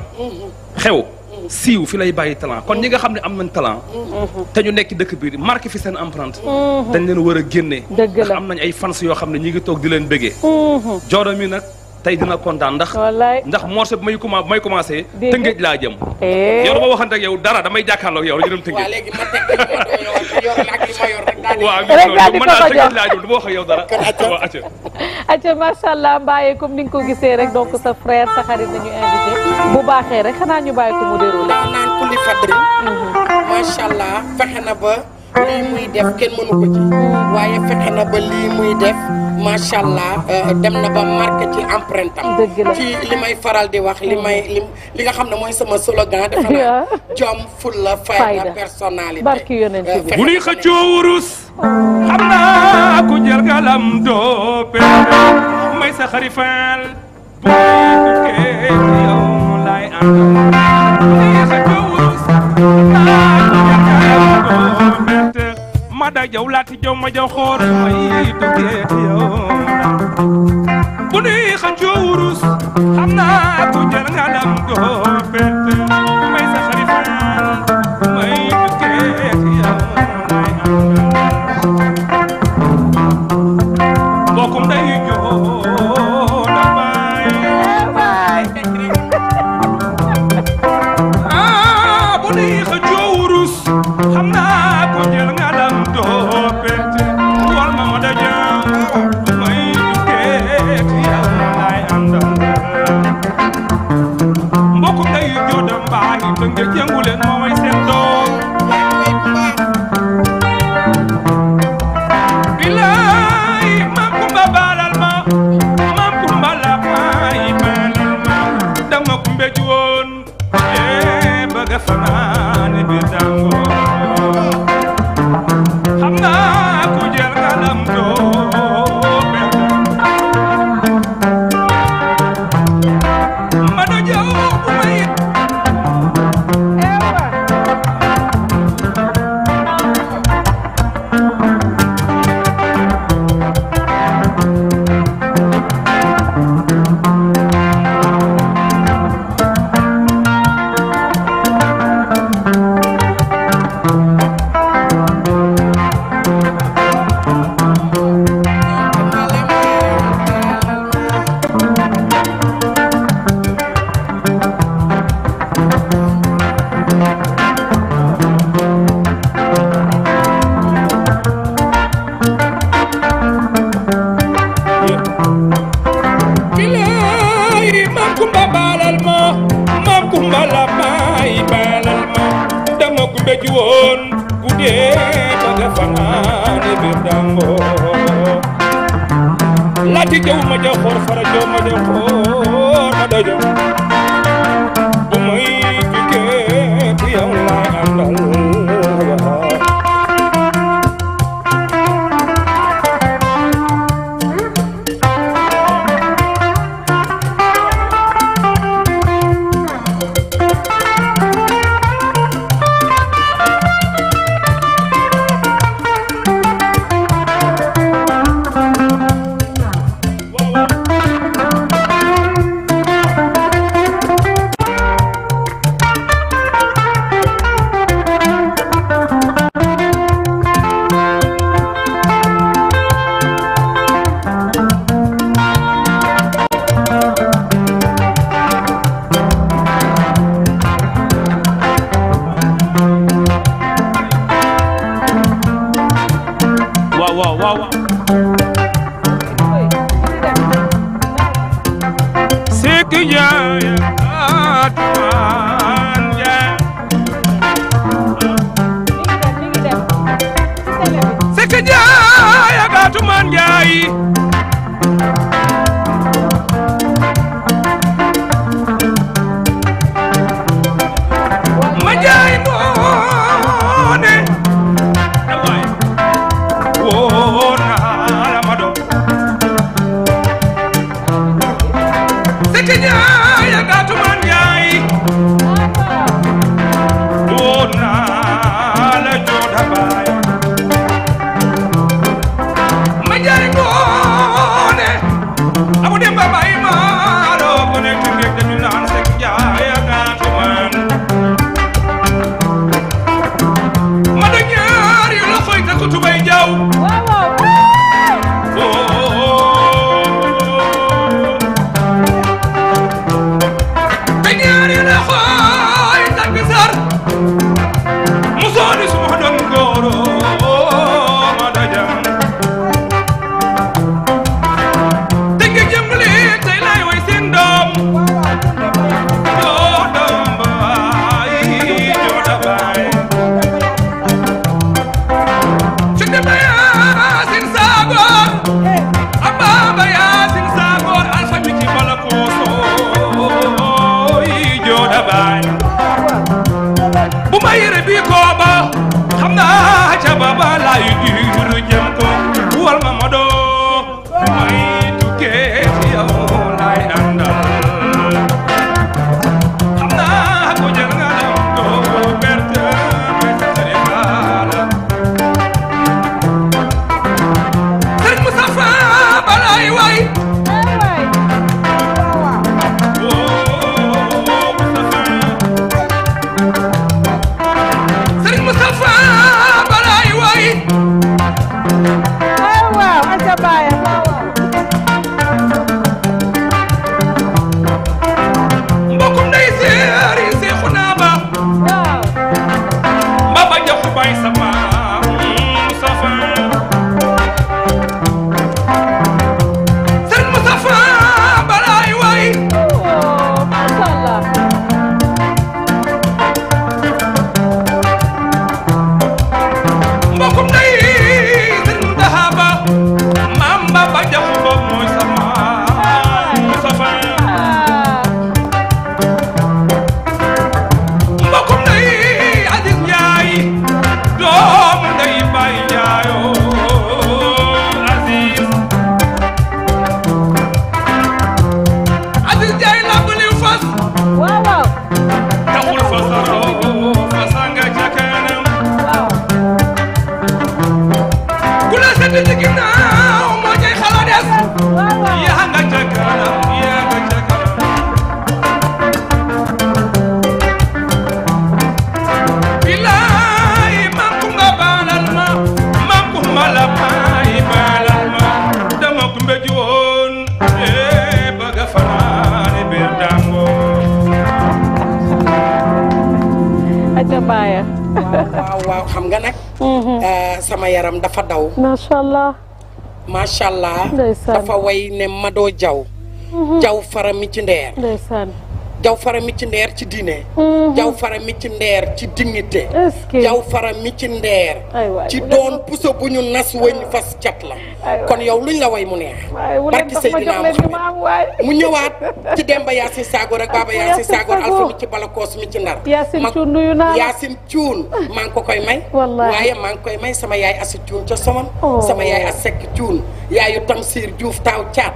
xew. siiw fi lay bàyyi talent kon ñi nga xam ne am nañ talent mm-hmm. te ñu nekk dëkk bi marqué fi seen empreinte mm-hmm. dañ leen war a génne ndax am nañ ay fans yoo xam ne ñi ngi toog di leen bëggee mm-hmm. Jordan mi nag tey dina kontaan ndax. wallaay ndax morceau bi may commencé bi may commencé. tëngéej laa jëm. Eh. yow dama waxante ak yow dara damay jàkkaarloog yow rek ñu dem tëngéej. waaw léegi ma teg rek mën naa tëngéej laa jëm du ma wax ak yow dara. waaw acca acca macha allah Mbaye comme ni nga ko gisee rek donc sa frère sa xarit nañu invité bu baaxee rek xanaa ñu bàyyi ko mu déroulé. Mm-hmm. macha allah fexe na ba. lii muy def kenn mënu ko ci waaye fexe na ba lii muy def macha allah euh, dem na ba marqué ci empreinte am ci li may faral di wax li may li li nga xam ne mooy sama slogan dafa naa jom fulla fayda personnalité bu euh, ni xëccoo wurus xam naa ku jël galam doo pexe may sa xarifal bu ku kee yow laay am bu ni xëccoo wurus mada jaw laati jaw ma jaw xoor may dogee yow bu nuy xancoo wurus xam naa ku jël ngalam doo fete may sa xarit Sekk Njaay ak Atumaan Njaay yaram dafa daw. macha allah. macha allah. dafa way ne Mado Jaw mhm. jaw fara mi ci ndeer. jawfara mi ci ndeer ci diine mhm. jawfara mi ci ndeer ci dignité jawfara mi ci ndeer ci doon puso bu ñu nas wëñ fas cat la kon yow lu ñu la way mu neex barki Seydina Muhammad mu ñëwaat ci Demba Yacine Sagor ak Baba Yacine Sagor Alpha mi ci Balakoos mi ci Ndar Yacine Cuun maa ngi ko koy may waaye maa ngi koy may sama yaay Asi Cuun ca Somone oh. sama yaay Asek Cuun yaayu Tamsir Diouf taaw caat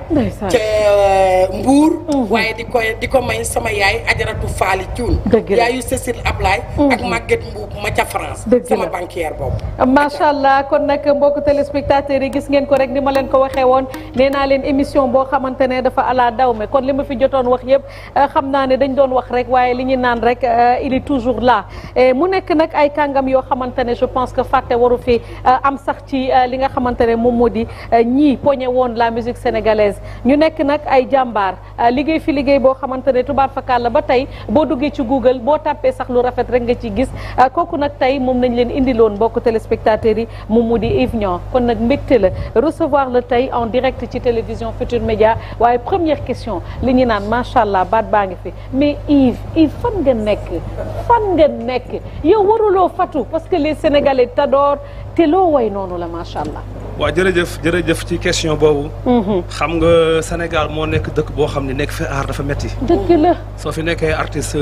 ca eh, Mbuur mhm. waaye di koy di ko may sama yaay ajaratu faali cuun yaayu Cécile Ablaye ak mhm. Maguette Mbuub ma ca France sama banquière boobu macha allah kon nag mbokk téléspectateurs yi gis ngeen ko rek ni ma leen ko waxee woon nee naa leen émission boo xamante ne dafa ala daw me kon li ma fi jotoon wax yëpp eh, xam naa ne dañ doon wax rek waaye li ñu naan rek eh, il toujours là eh, mu nekk nag ay kàngam yoo xamante ne je pense que fàtte waru fi am sax ci li nga xamante ne moom moo di ñii poñe woon la musique sénégalaise ñu nekk nag ay jàmbaar tubaarfakàlla ba tey boo duggee ci Google boo tàppee sax lu rafet rek nga ci gis ah, kooku nag tey moom nañ leen indiloon mbokk téléspectateurs yi moom mu di Yves Niang kon nag mbégte la recevoir la tey en direct ci télévision Futur Média waaye première question li ñu naan macha allah baat baa ngi fi mais Yves Yves fan nga nekk fan nga nekk yow waruloo fatu parce que les Sénégalais t'adorent te loo woy noonu la macha allah. waaw jërëjëf jërëjëf ci question boobu. Mm-hmm. xam nga Sénégal moo nekk dëkk boo xam ne nekk fi aar dafa metti dëgg la soo fi nekkee artiste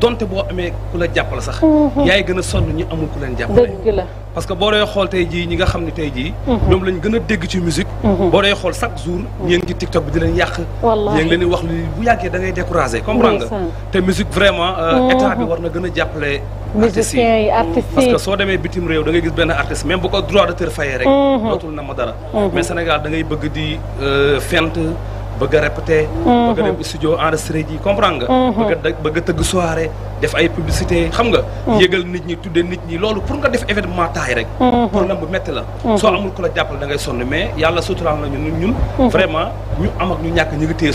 donte boo amee ku la jàppale sax. Mm-hmm. yaay gën a sonn ñu amul ku leen jàppale. dëgg la. parce que boo dee xool tey jii ñi nga xam ne tey jii mhm. ñoom lañ gën a dégg ci musique mhm. boo dee xool chaque jour ñeen ngi TikTok bi di leen yàq ñee leen wax li bu yàggee da ngay découragé nga te musique vraiment euh, mhm. état bi war na gën a jàppale musiciens parce que soo demee bitim réew da ngay gis benn artiste même bu ko droit d'auteur fayee rek dootul na ma dara mais Sénégal da ngay bëgg di euh, fent bëgg a répété bëgg a dem studio enregistré ji comprendre nga bëgg a tëgg soirée def ay publicité xam nga. Mm. yëgal nit ñi tudde nit ñi loolu pour nga def événement taay rek. Mm-hmm. problème bu métti la. Mm-hmm. soo amul ku la jàppale da sonn mais yàlla suturaal nañu ñun mm-hmm. vraiment ñu am ak ñu ñàkk ñu ngi téye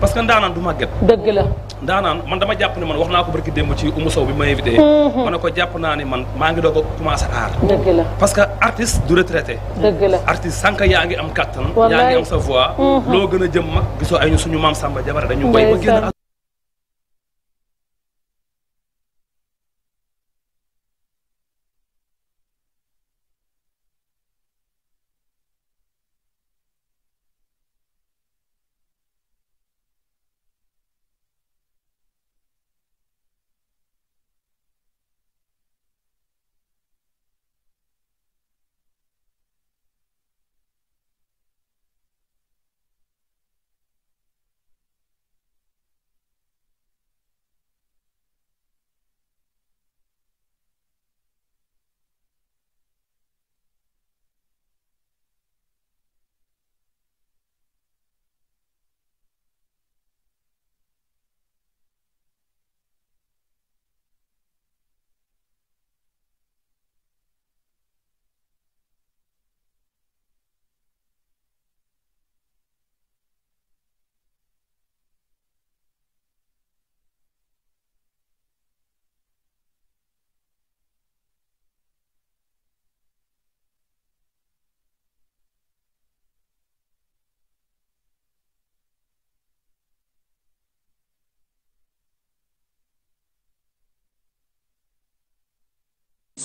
parce que ndaanaan du màgget. dëgg la ndaanaan man dama jàpp ne man wax naa ko barki démb ci Oumou Sow bi ma invité. ma ne ko jàpp naa ne man maa ngi doog a commencé aar. parce que artiste du retraité. dëgg la sànq yaa ngi am kattan. yaa ngi loo gën a jëm mag gisoo ay ñu suñu maam Samba Jabara dañu bay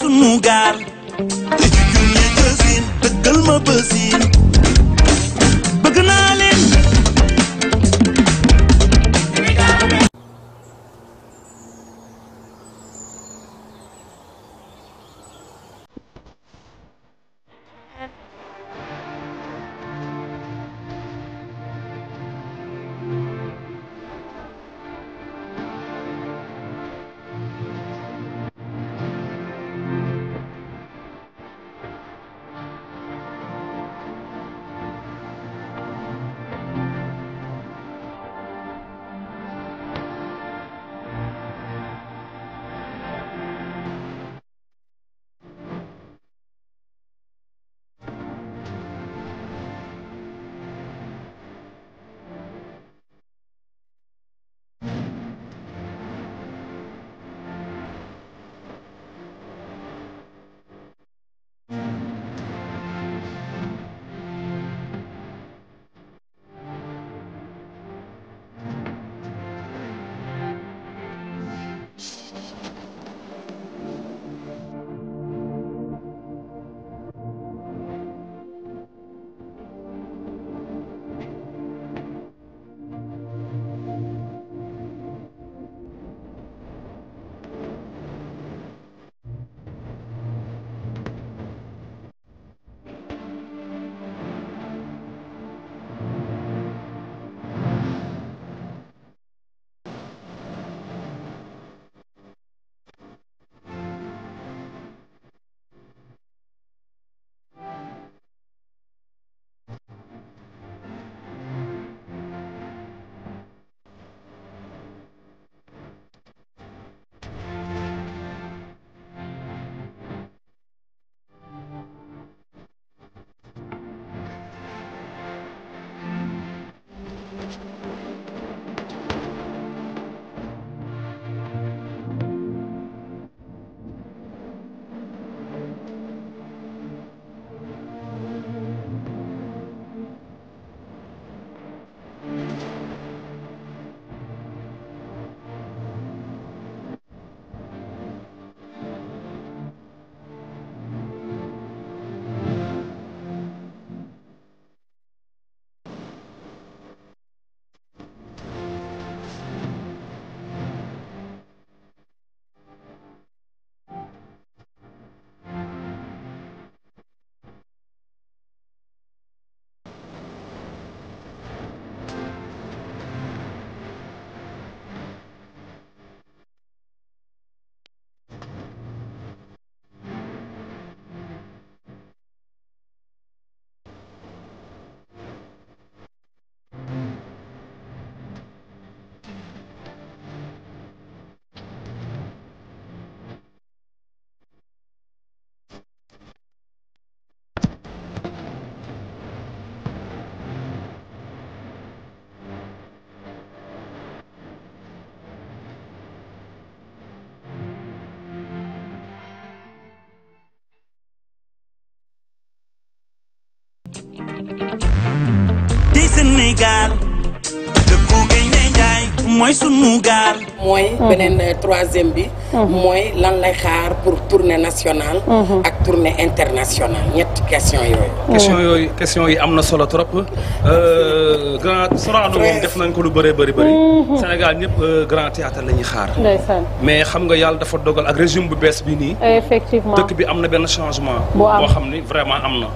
sunu gaal te ci junne dëggal ma bësin di Sénégal dëkku Gaynde Njaay mooy sunu mooy beneen troisième bi. Mm-hmm. mooy lan lay xaar pour tournée nationale. Mm-hmm. ak tournée internationale ñetti question yooyu. Mm-hmm. question yooyu question yi am na solo trop. Euh, grand Sorano moom def nañ ko lu bëree bëri bëri. Sénégal ñëpp euh, grand théâtre la ñuy xaar. mais xam nga yàlla dafa dogal ak régime bu bees bi nii. effectivement dëkk bi am na benn changement. boo xam ni vraiment am na.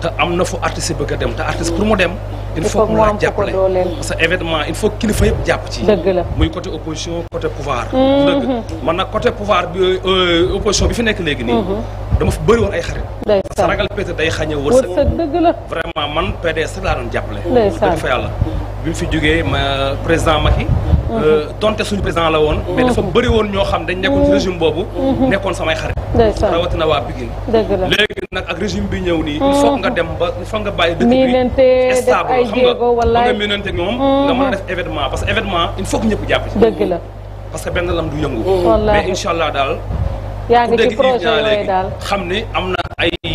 te am na fu artiste bëgg dem te artiste pour mu dem. il faut que mu la jàppale parce que événement il faut kilifa yëpp jàpp ci. dëgg la muy côté opposition côté pouvoir. Mhm. man nag côté pouvoir bi euh, opposition bi fi nekk léegi nii. Mhm. dama fi bëri woon ay xarit. sa que ragal pété day xañe wërsëg. dëgg la vraiment man PDS rek laa jàppale. dëgg fa yàlla bi mu fi jógee ma président Macky. Mhm. Euh, donte suñu président la woon. mais dafa bëri woon ñoo xam dañ nekkoon ci régime boobu. nekkoon samay xarit. rawatina waa Pikine. ak régime bi ñëw nii. Mm-hmm. il faut nga dem ba il faut nga bàyyi dëkk bi stable xam nga nga miinante ñoom. a mm-hmm. événement parce que événement il faut ñëpp jàpp parce que benn lam du yëngu. mais incha daal. yaa ngi ci projet daal xam ni am na.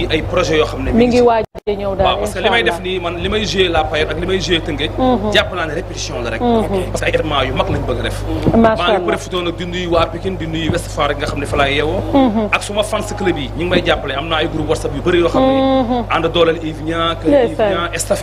ci ay projet yoo xam ne. mi ngi waaj a ñëw daal waaw li may def nii man li may joué mhm. mhm. a def. Mhm. macha allah maa ngi profité na ay groupe whatsapp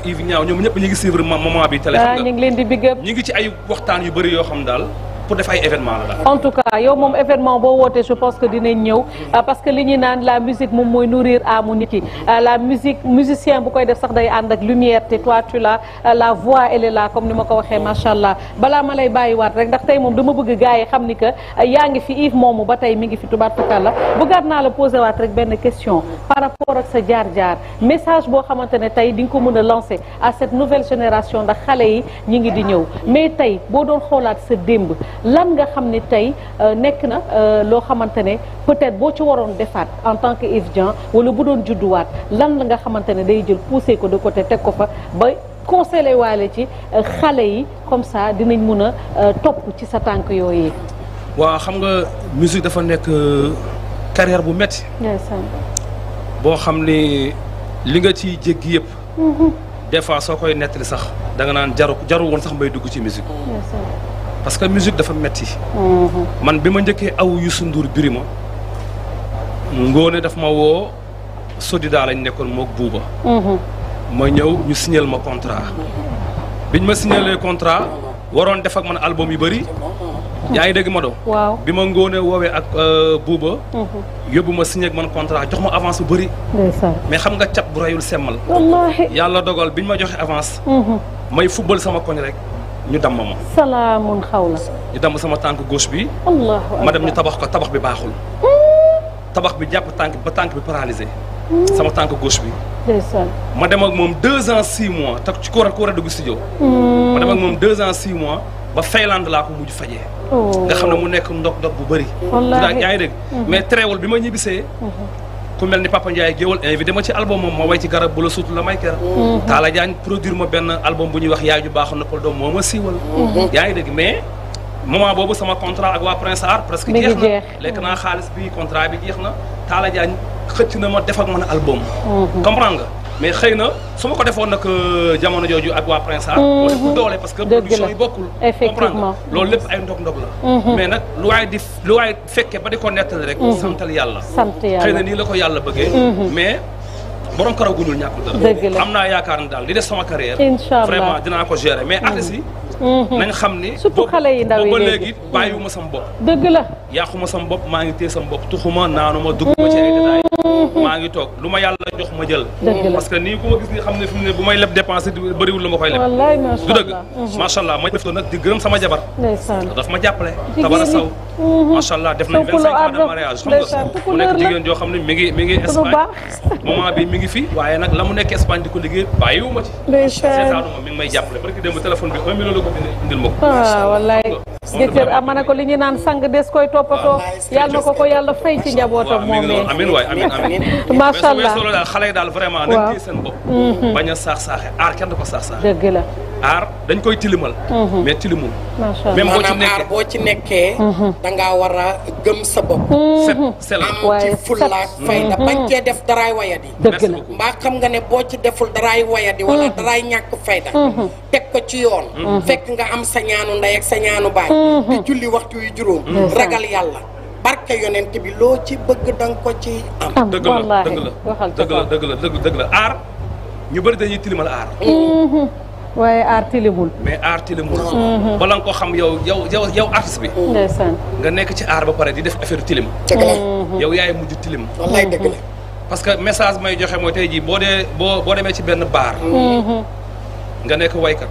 yoo ñoom ñëpp ñu ngi suivre moment bi ah, téléphone. ñu ngi leen ci ay waxtaan yu bëri yoo xam daal pour def ay événement la daal. en tout cas yow moom événement boo wootee je pense que dinañ ñëw euh, parce que li ñuy naan la musique moom mooy nourrir amu nit ki euh, la musique musicien bu koy def sax day ànd ak lumière te toi tu la euh, la voix elle est comme ni ma ko waxee macha allah balaa ma lay bàyyiwaat rek ndax tey moom dama bëgg gars yi xam ni que yaa ngi fi Yves moomu ba tey mi ngi fi tubaab tukkal la bëggaat naa la posé waat rek benn question par rapport ak sa jaar-jaar message boo xamante ne tey di nga ko mën a lancer à cette nouvelle génération ndax xale yi ñi ngi di ñëw mais tey boo doon xoolaat sa démb lan nga xam ne tey euh, nekk na euh, loo xamante ne peut-être boo ci waroon defaat en tant que étudiant wala bu doon judduwaat lan la nga xamante ne day jël poussé ko de côté teg ko fa ba conseillé waale ci euh, xale yi comme ça dinañ mun a topp ci sa tànk yooyu. waa xam nga musique dafa nekk carrière bu métti. boo xam ni li nga ci jéggi yëpp. Mhm. des fois soo koy nettali sax danga naan jaru jaru woon sax may dugg ci musique. parce que musique dafa metti mhm. man bi ma njëkkee aw Youssou Ndour Birima ngoone daf ma woo Sodida lañ nekkoon mook buuba mhm. ma ñëw ñu signal ma contrat biñ ma signalee contrat waroon defak ak man album yu bëri yaa ngi dégg ma do bi ma ngoone woowee ak euh, buuba mhm. yóbbu ma signé man contrat jox ma avance bu bëri mais xam nga cat bu reyul semmal yàlla dogal ñu ma joxe avance may fubal sama koñ rek ñu damm ma. salaamun xawla. ñu damm sama tànk gauche bi. allahu ma dem ñu tabax ko tabax bi baaxul. Hmm? tabax bi jàpp tànk ba tànk bi paralysé. Hmm? sama tànk gauche bi. ndeysaan ma dem ak moom deux ans six mois te ci kóor kóor a dugg studio. Hmm. ma dem ak moom deux ans six mois ba Finlande laa ko mujj fajee. Oh. nga xam ne mu nekk ndog-ndog bu bëri. wallaahi yaa ngi dégg mais tereewul bi ma ñibbisee. ku mel ni Papa géwal invité ma ci album moom ma way ci garab bu la suut la may ker mhm. Talla Diagne produire ma benn album bu ñuy wax yaay ju baax noppal doom moo ma siiwal mhm. yaa ngi dégg mais moment boobu sama contrat ak waa Prince Art presque jeex na lekk naa xaalis bi contrat bi jeex na Talla Diagne xëcc na ma def ak man album mhm. comprendre nga mais xëy na su ma ko defoon nag euh, jamono jooju ak waa Prince Art. wala bu doole parce que production yi bokkul. effectivement loolu lépp ay ndog-ndog la. Mhm. mais nag lu waay di lu waay fekkee ba di ko nettali rek. Mhm. santal yàlla. sant yàlla xëy na nii la ko yàlla bëggee. Mhm. mais borom karaw gu ñuul ñàkkul dara. am naa yaakaar ne daal li des sama carrière. vraiment dinaa ko gérer mais artistes yi nañ xam ni. surtout xale yi ndaw yi léegi ba léegi bàyyiwuma sama bopp. dëgg la yàquma sama maa ngi téye sama bopp tuxuma naanuma dugguma ngi toog lu ma yàlla jox ma jël. parce que nii ku ma gis ni xam ne bu may leb dépense di bëriwul lu ma koy leb. wallaay macha allah du dëgg. ma def nag di gërëm sama jabar. ndeysaan daf ma jàppale. tabara saw macha allah def nañ 25 ans de mariage. ndeysaan ku nekk jigéen joo xam mi ngi mi ngi bi mi ngi fi. waaye nag la mu nekk Espagne di ko liggéey bàyyiwuma ci. ndeysaan seetaanuma mi may jàppale barki démb téléphone bi 1 million la indil ma ko. waaw wallaay jëkkër am ah, ko li ñu naan sang des koy toppatoo yàlla na ko ko yàlla fay ci njabootam moom ne amiin waay allah loolu daal daal vraiment nañ téye seen mhm. aar kenn du ko saax saaxe dëgg la aar dañ koy tilimal mhm. mais tilimul macha allah boo ci nekkee aar boo mhm. dangaa war a gëm sa bopp set sel am ci fulla fay da bañ cee def daraay wayadi dëgg la mbaa xam nga ne boo ci deful daraay wayadi wala daraay ñàkk fayda teg ko ci yoon fekk nga am sa ñaanu ndey ak sa ñaanu di julli waxtu yu juróom ragal yàlla barke yonent bi loo ci bëgg danga ko ci am dëgg la dëgg la dëgg la dëgg la aar ñu bëri dañuy tilimal aar waaye aar tilimul mais aar tilimul bala nga ko xam yow yow yow yow artiste bi nga nekk ci aar ba pare di def affaire tilim yow yaay mujj tilim wallaay dëgg la parce que message mooy joxe mooy tey jii boo dee boo boo demee ci benn baar nga nekk waykat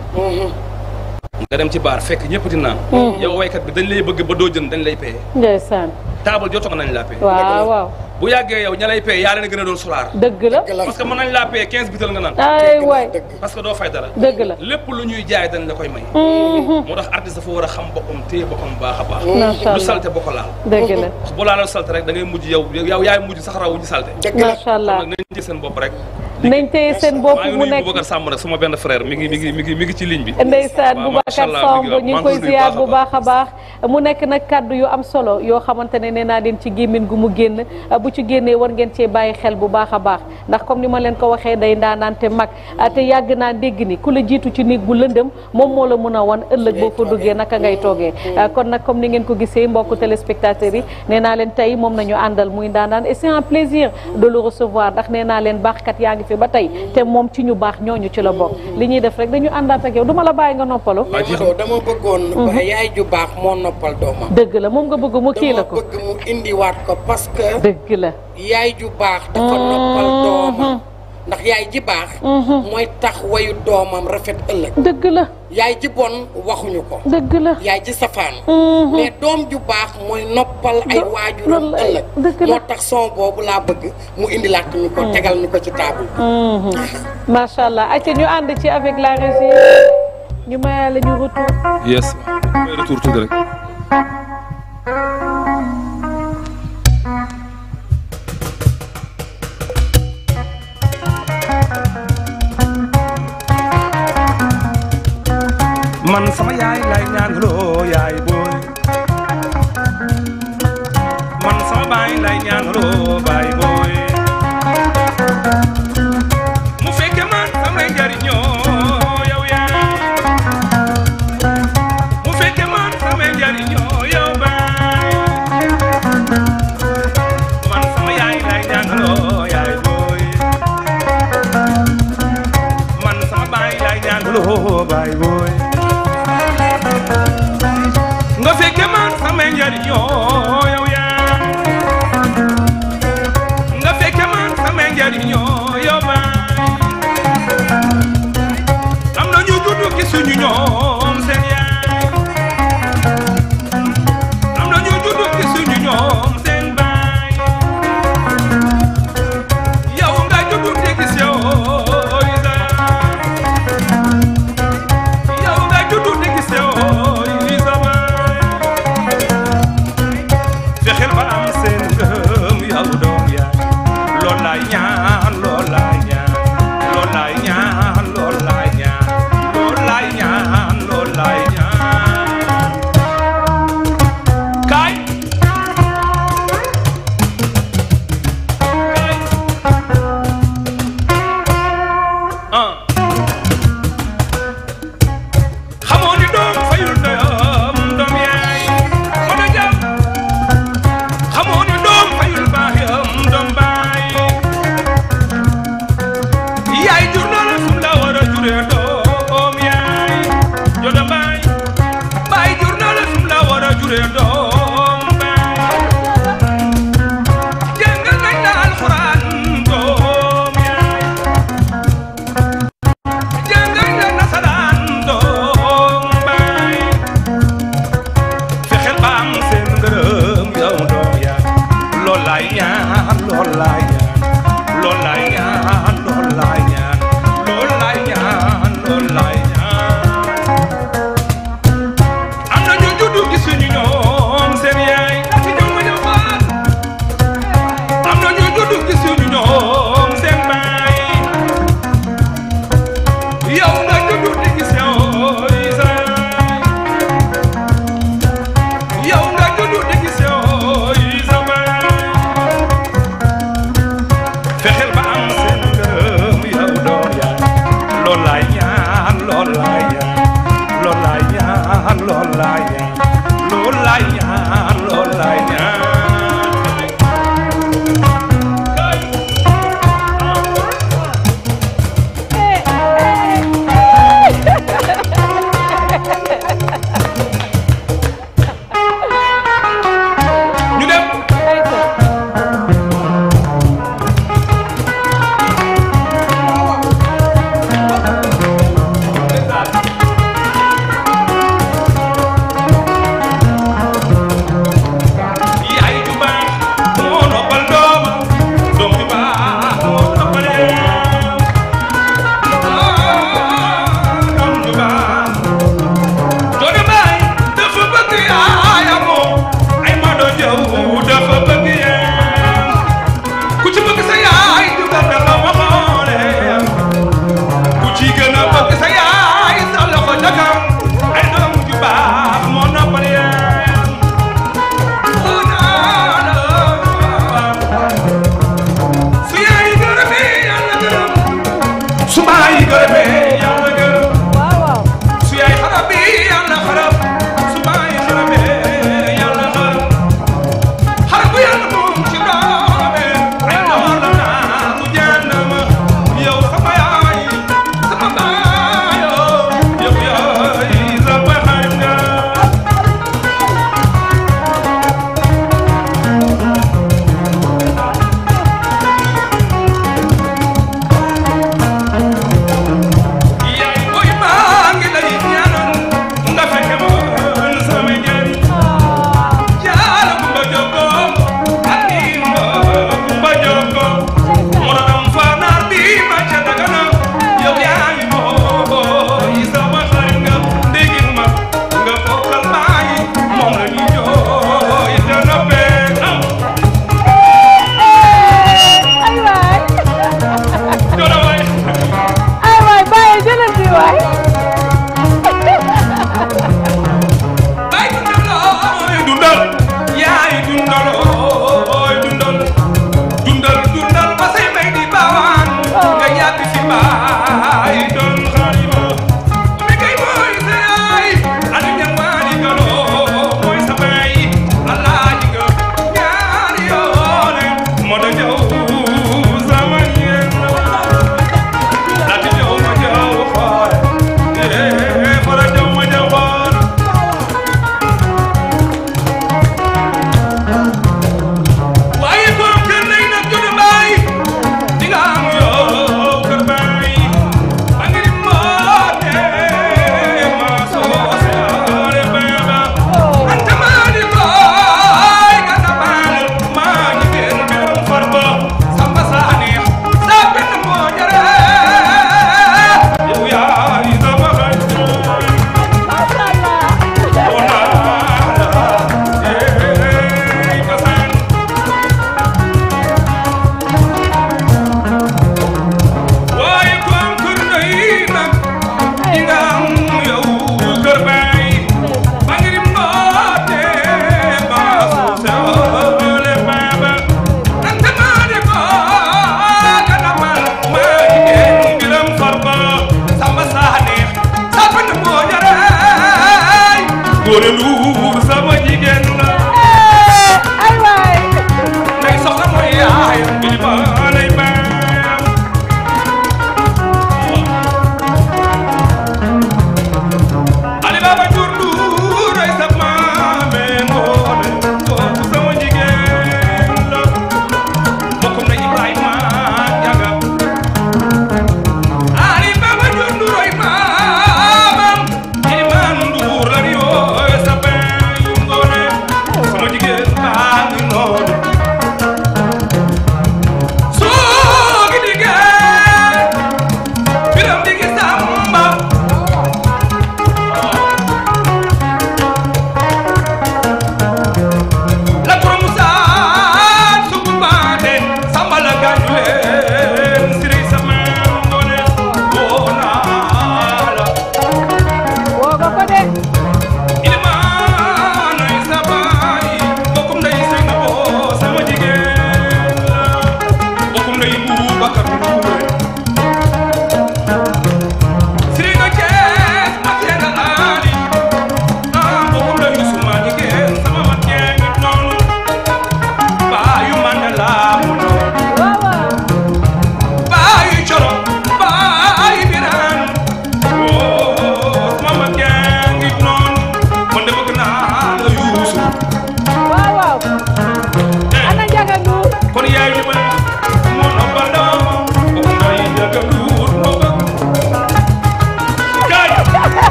nga dem ci baar fekk ñëpp di naan. Hmm. yow waykat bi dañ lay bëgg ba doo jënd dañ lay paye. ndeysaan. taabal joo toog nañ laa paye. waaw waaw. bu yàggee yow ña lay paye yaa leen gën a doon solaar. dëgg la parce que mën nañ laa paye 15 bital nga naan. parce que doo fay dara. dëgg la lépp lu ñuy jaay dañ la koy may. Hmm. moo tax artiste dafa war a xam boppam téye boppam baax a baax. lu salte boo ko dëgg la bu laalal salte rek da ngay mujj yow yow yaay mujj sax raw ñu salte. allah nañ seen bopp rek nañ téye seen bopp mu nekk Boubacar Samb nag sama benn frère mi ngi mi ngi mi ngi mi ngi ci ligne bi. ndeysaan Boubacar Samb ñu ngi koy ziar bu baax a baax. mu nekk nag kàddu yu am solo yoo xamante ne nee naa leen ci gémmiñ gu mu génn bu ci génnee war ngeen cee bàyyi xel bu baax a baax ndax comme ni ma leen ko waxee day ndaanaan te mag te yàgg naa dégg ni ku la jiitu ci néeg bu lëndëm moom moo la mën a wan ëllëg boo ko duggee naka ngay toogee. kon nag comme ni ngeen ko gisee mbokku téléspectateurs yi nee naa leen tey moom nañu àndal muy ndaanaan et c'est un plaisir nee naa leen baaxkat yaa ngi fi ba tey te moom ci ñu baax ñooñu ci la bokk li ñuy def rek dañu àndaat ak yow duma la bàyyi nga noppalu dama bëggoon ba mhm. yaay ju baax moo noppal doomam dëgg la moom nga bëgg mu kii la ko dama bëgg mu indiwaat ko parce que dëgg la yaay ju baax dafa mhm. noppal doomam mhm. ndax yaay ji baax. Mhm. mooy tax wayu doomam rafet ëllëg. dëgg la yaay ji bon waxuñu ko. dëgg la yaay ji safaan. Mhm. mais doom ju baax mooy noppal ay waajuram ëllëg. moo tax son boobu laa bëgg mu indilaat ñu ko mhm. tegal ñu ko ci table. macha allah ayca ñu ànd ci avec la régie ñu mayaale ñu retour. yes retour tuuti rek. man sama yaay lay ñaan loo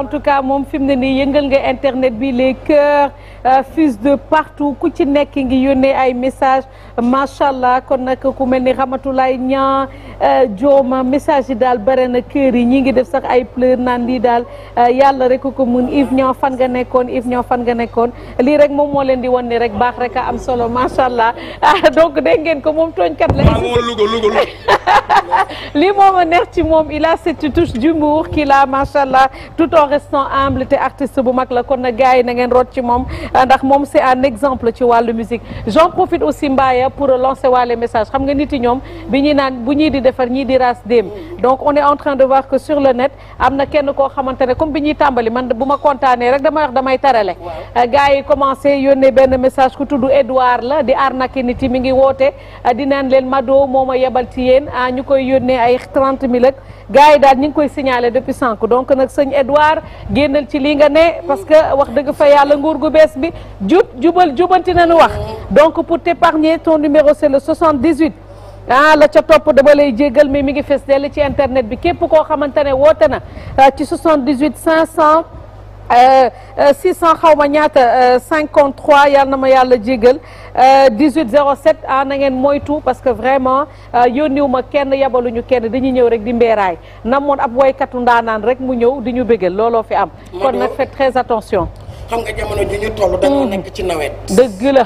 en tout cas moom fi mu ne nii yëngal nga internet bi les cœurs euh, fusent de partout ku ci nekk ngi yónnee ay message macha allah kon nag ku mel ni Ramatoulaye Niang Eh, jooma message yi daal bare na kër yi ñi ngi def sax ay pleur naan lii daal eh, yàlla rek ko mun if ñoo fan nga nekkoon if ñoo fan nga nekkoon lii rek moom moo leen di wan rek baax rek a am solo macha allah ah, donc dégg ngeen ko moom tooñkat la Louga Louga Louga lii moo ma neex ci moom il a cette touche d'humour qu'il a macha allah tout en restant humble te artiste bu mag la kon na gars yi na ngeen root ci moom ah, ndax moom c'est un exemple ci wàllu musique j'en profite aussi Mbaye pour lancer waale message xam nga nit yi defar ñii di raas déem donc en train de voir que sur le net am na kenn koo xamante ne comme bi ñuy tàmbali man bu ma kontaanee rek damay wax damay tarale euh, gars yi commencé yónnee benn message ku tudd Edouard la di arnaqué nit yi mi ngi woote euh, di naan leen Mado moom ma yebal ci yéen ah, ñu koy yónnee ay 30 000 ak gars yi daal ñu ngi koy signalé depuis sànq donc nag sëñ Edouard génnal ci lii nga ne parce que wax dëgg fa yàlla nguur gu bees bi jub jubal jubanti nañu wax mm. donc pour t'épargner ton numéro c'est le 78 ah la ca topp dama lay jéggal mais mi ngi fees dell ci internet bi képp koo xamante ne woote na ah, ci 78 500 600 xaw ma ñaata 53 euh, yal na ma yàlla jégal 18 07 ah na ngeen moytu parce que vraiment euh, yónniwu ma kenn yabaluñu kenn dañuy ñëw rek di mbeeraay moon ab woykatu naan rek mu ñëw di ñu bégal looloo fi am kon nag faites très attention nga hmm. ci nawet dëgg la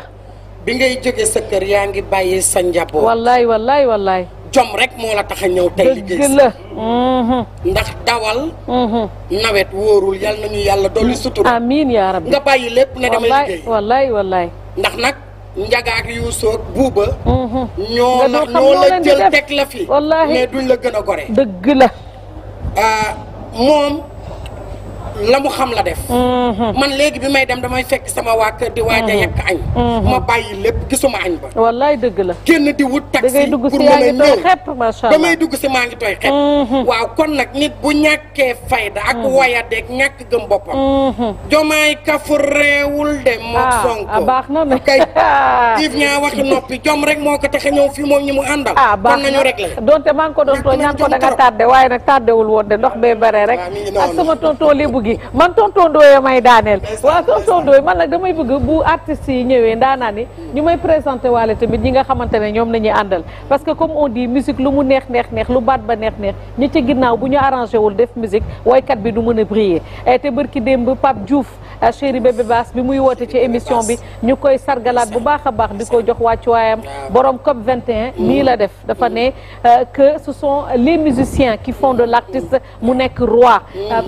bi ngay jógee sa kër yaa ngi bàyyi sa njaboot. wallaay wallaay wallaay. jom rek moo la tax a ñëw tey liggéey si mhm. ndax dawal. Mhm. nawet wóorul yal nañu yàlla dolli sutura. amiin yaa rabbi nga bàyyi lépp ne dama liggéey. wallaay wallaay ndax nag. njagaak yuusoog buuba. Mhm. ñoo la ñoo la jël teg la fi. mais duñ la gën a gore. dëgg la. Ah, moom. la mu xam la def mm-hmm. man léegi bi may dem damay fekk sama waa kër di waaj a yekk añ mm-hmm. ma bàyyi lépp gisuma añ ba wallaay dëgg la génn di wut taxi pour mën a ñëw ba may dugg si maa ngi tooy xepp mm-hmm. kon nag nit bu ñàkkee fayda ak wayadeeg ñàkk gëm boppam jomaay kafu réewul de moom ah, sonko ah, baax na nag kay diif ñaa waxi noppi jom a ñëw fii moom ñi mu àndal ah, kon maa ngi ko doon tooñ naan ko da nga tardé waaye nag tardé wul woon de ndox bee bare rek ak sama tonton li buggi man tonton Ndoye may daaneel waaw tonton Ndoye man nag damay bëgg bu artistes yi ñëwee ndaanaan ni ñu may présenté waale tamit ñi nga xamante ne ñoom la ñuy àndal parce que comme on dit musique lu mu neex neex lu baat ba neex neex ñi ci ginnaaw bu ñu arrangé def musique woykat bi du mën a briller te bërki démb Pape Diouf euh, chéri bébé baas bi muy woote ci émission bi ñu koy sargalaat bu baax a baax di ko jox wàccuwaayam borom COP 21 nii la def dafa ne euh, que ce sont les musiciens qui font de l'artiste mu nekk roi euh,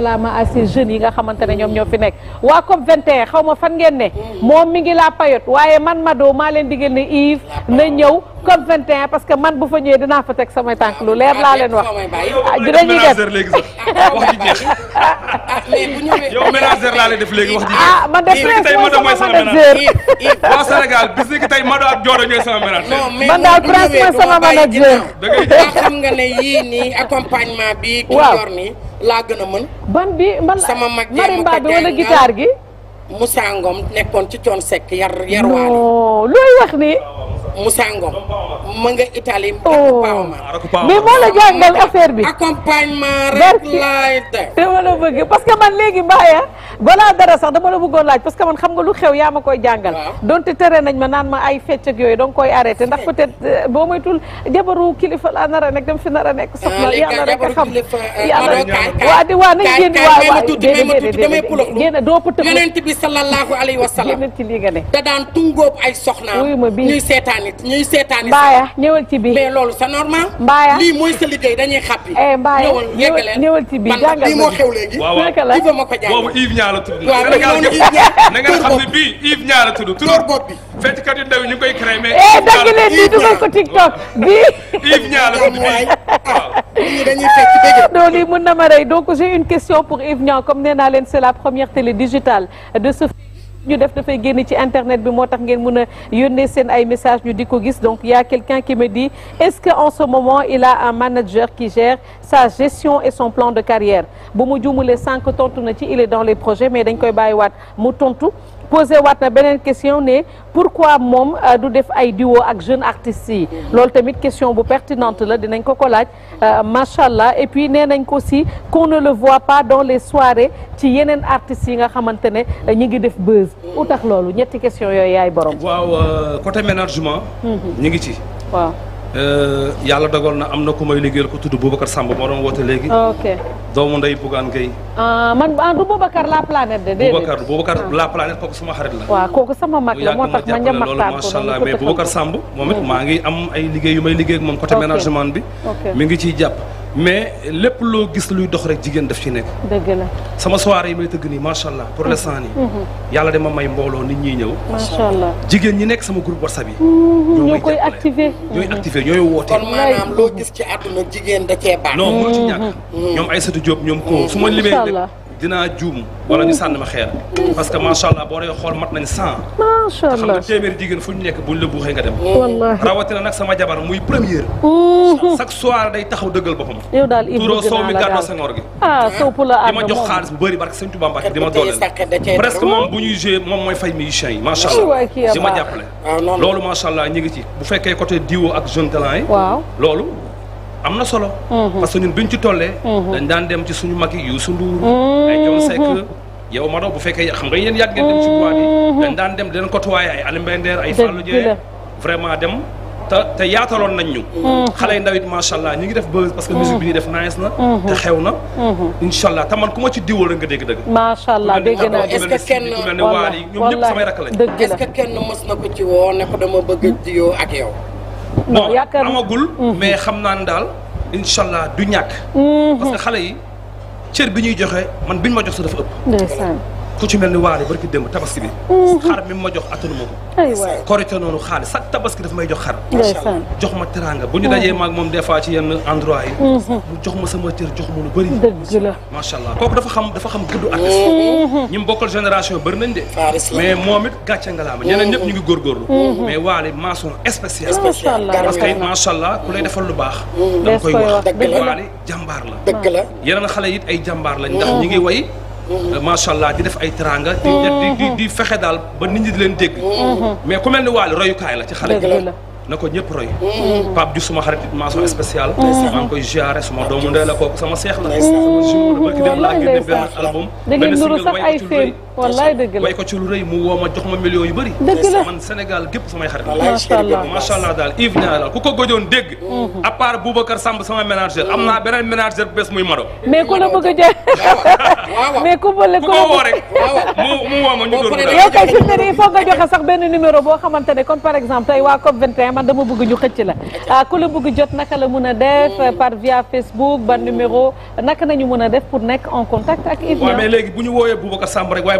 kàllaama à ces jeunes yi nga xamante ne ñoom ñoo fi nekk waa COP 21 xaw ma fan ngeen ne mm. moom mi ngi la payote waaye man Mado maa leen digal ne Yves na ñëw comme 21 parce que man bu fa ñëwee dinaa fa teg samay tànk lu leer laa leen wax. Ah, ah, dinañuy ménageur ah, laa lay def léegi wax ji ménageur. man daal Prince sama ménageur. bi. waaw ki yor a mën. ban bi man sama mag marimba bi wala gi. Moussa Ngom nekkoon ci coon sekk yar yarwaale. non looy wax ni. Moussa Ngom ma nga Italie oh. mais moo la jàngal affaire bi accompagnement rek laay la bëgg parce que man léegi mbaaya ah, balaa dara sax dama la bëggoon laaj parce que man xam nga lu xew yaa ma koy jàngal donte tere nañ ma naan ma ay fecc ak yooyu danga koy arrêté ndax peut-être euh, boo moytul jabaru kilifa laa nar a nekk dem fi nar a nekk soxna ah, yàlla rek a xam euh, yàlla waa di waa nañ génn waa waa génn doo pëtë yonent bi nit ñuy seetaani mbaaya ñëwal ci bi mais loolu c'est normal mbaaya lii mooy sa liggéey dañuy xàppi eh, mbaaya ñëwal ci bi jàngal lii moo xew léegi Iba ma ko jàng boobu Yves Niang la tudd waaw na nga xam ne bii Yves Niang la tudd tur bopp bi fecckat yu ndaw ñu koy créé mais eh dagg leen di dugal ko TikTok bii Yves Niang la tudd bii ah, dañuy fecc dégg non lii na ma rey donc une question pour Yves comme nee c'est la première télé digitale de ce ñu def dafay génn ci internet bi moo tax ngeen mën a yónnee seen ay message ñu di ko gis donc y a quelqu'un qui me dit est-ce que en ce moment il a un manager qui gère sa gestion et son plan de carrière bu mu juumalee sànq tontu na ci il est dans les projets mais dañ koy bàyyiwaat mu tontu posé waat na beneen question ne pourquoi moom euh, du def ay duo ak jeune artistes yi mm-hmm. loolu tamit question bu pertinente la dinañ ko ko laaj euh, macha allah et puis nee nañ ko si qu'on ne le voit pas dans les soirées ci yeneen artistes yi nga xamante ne euh, ñi ngi def buzz mm-hmm. u tax loolu ñetti question yooyu yaay borom. waaw côté ménagement. Mm-hmm. ngi ci Euh, yàlla dogal na am na ku may liggéeyal ku tudd Boubacar Samb moo doon woote léegi. ok doomu ndey Bougane Gueye. Ah, man ah du Boubacar la planète de déedéet. Ah. la planète kooku sama xarit la. kooku sama mag la moo tax ma njëmm ak ko macha allah moom it mm. maa ngi am ay liggéey yu may liggéey ak moom côté ménagement bi. mi ngi ciy jàpp. mais lépp loo gis luy dox rek jigéen def ci nekk. dëgg la sama soirée yi may tëgg nii macha allah pour l'instant nii. Mhm. Mhm. yàlla dema may mbooloo nit ñi ñëw. macha allah jigéen ñi nekk sama groupe WhatsApp yi. Mhm, ñoo koy activé ñooy activé ñooy woote. kon loo gis ci àdduna jigéen da cee baax. non moo ci ñàkk. ñoom Aïssatou Diop ñoom ko su ma limee. dina juum wala ñu sànni ma xeer parce que macha allah boo xool mat nañ cent macha allah xam nga fu ñu nekk bu la nga dem wallaahi rawatina nag sama jabar muy première chaque soir day taxaw dëggël boppam yow daal tuuroo sow mi gàddoo sa ngoor gi ah sow pour di ma jox xaalis bu bëri barke sëñ Tuubaa Mbàkke di ma dooleel presque moom bu ñuy joué moom mooy fay musiciens yi macha allah di ma jàppale ah, loolu macha allah ngi ci bu fekkee côté duo ak jeune talent yi loolu am na solo. Mhm. parce que ñun biñ ci tollee. Mhm. dañ daan dem ci suñu mag yi Youssou Ndour. Mhm. ay Thione Seck yow Mado bu fekkee xam nga yéen yàgg ngeen dem ci bois bi. dañ daan dem di leen côtoyer ay Alioune Ndeer ay Fallou Dieng vraiment dem. te te yaataloon nañ ñu. xale yu ndaw it macha allah ñu ngi def buzz parce que musique bi ñuy def nice na. te xew na. incha allah te man ku ma ci diwoo rek nga dégg-dëgg. macha allah dégg naa est-ce que kenn ku mel ni waal yi ñoom ñëpp samay rakk lañ. est-ce que kenn mës na ko ci woo ne ko dama bëgg a hmm. diwoo ak yow. non yaakaar amagul. Mhm. mais xam naa ne daal incha allah du ñàkk. Mhm. parce xale yi cër bi ñuy joxe man bi ñu ma jox sa dafa ëpp. ku ci mel ni waale barki démb tabaski bi. Mhm. xar mi ma jox attanu ma ko. aywaay korite noonu xaalis sax ki daf may jox xar. jox ma teraanga bu ñu mhm. dajee maag mom des fois ci yenn endroit yi. Mhm. mu jox ma sama cër jox ma lu bëri. macha allah kooku dafa xam dafa xam gëddu artiste. ñi mu bokkal génération bëri nañ de. mais moom it gàcce nga laa ma ñeneen ñëpp ñu ngi góorgóorlu. mais waale macha allah parce que allah ku lay defal lu baax. da koy wax waale jàmbaar la. dëgg la yeneen xale it ay jàmbaar lañ ndax ñi ngi way Euh, macha allah di def ay teranga mm-hmm. di di di fexe daal ba nit ñi di leen dégg. Mm-hmm. mais ku mel ni Wally la ci ko ñëpp roy mm-hmm. Pape Diouf suma xarit mention spéciale maa ngi koy ziare suma doomu ndey la kooku sama seex la sama jur la barki dem laa génne benn album benn single way atul wallaay dëgg la way ko ci lu rëy mu woo jox ma millions yu bëri. dëgg la man Sénégal gépp samay xarit. macha allah daal Yves Niang daal ku ko gëjoon dégg. Mhm. à part Boubacar Samb sama ménager am naa beneen ménager bu bees muy Mado. mais ku la bëgg a mais ku sax benn numéro boo xamante ne comme par exemple tey waa COP man dama bëgg ñu xëcc la. Ah, ku la bëgg jot naka la mun a def mm. par via Facebook ban mm. numéro naka nañu mën a def pour nekk en contact ak Yves Niang. mais léegi bu ñu wooyee Boubacar Samb rek waaye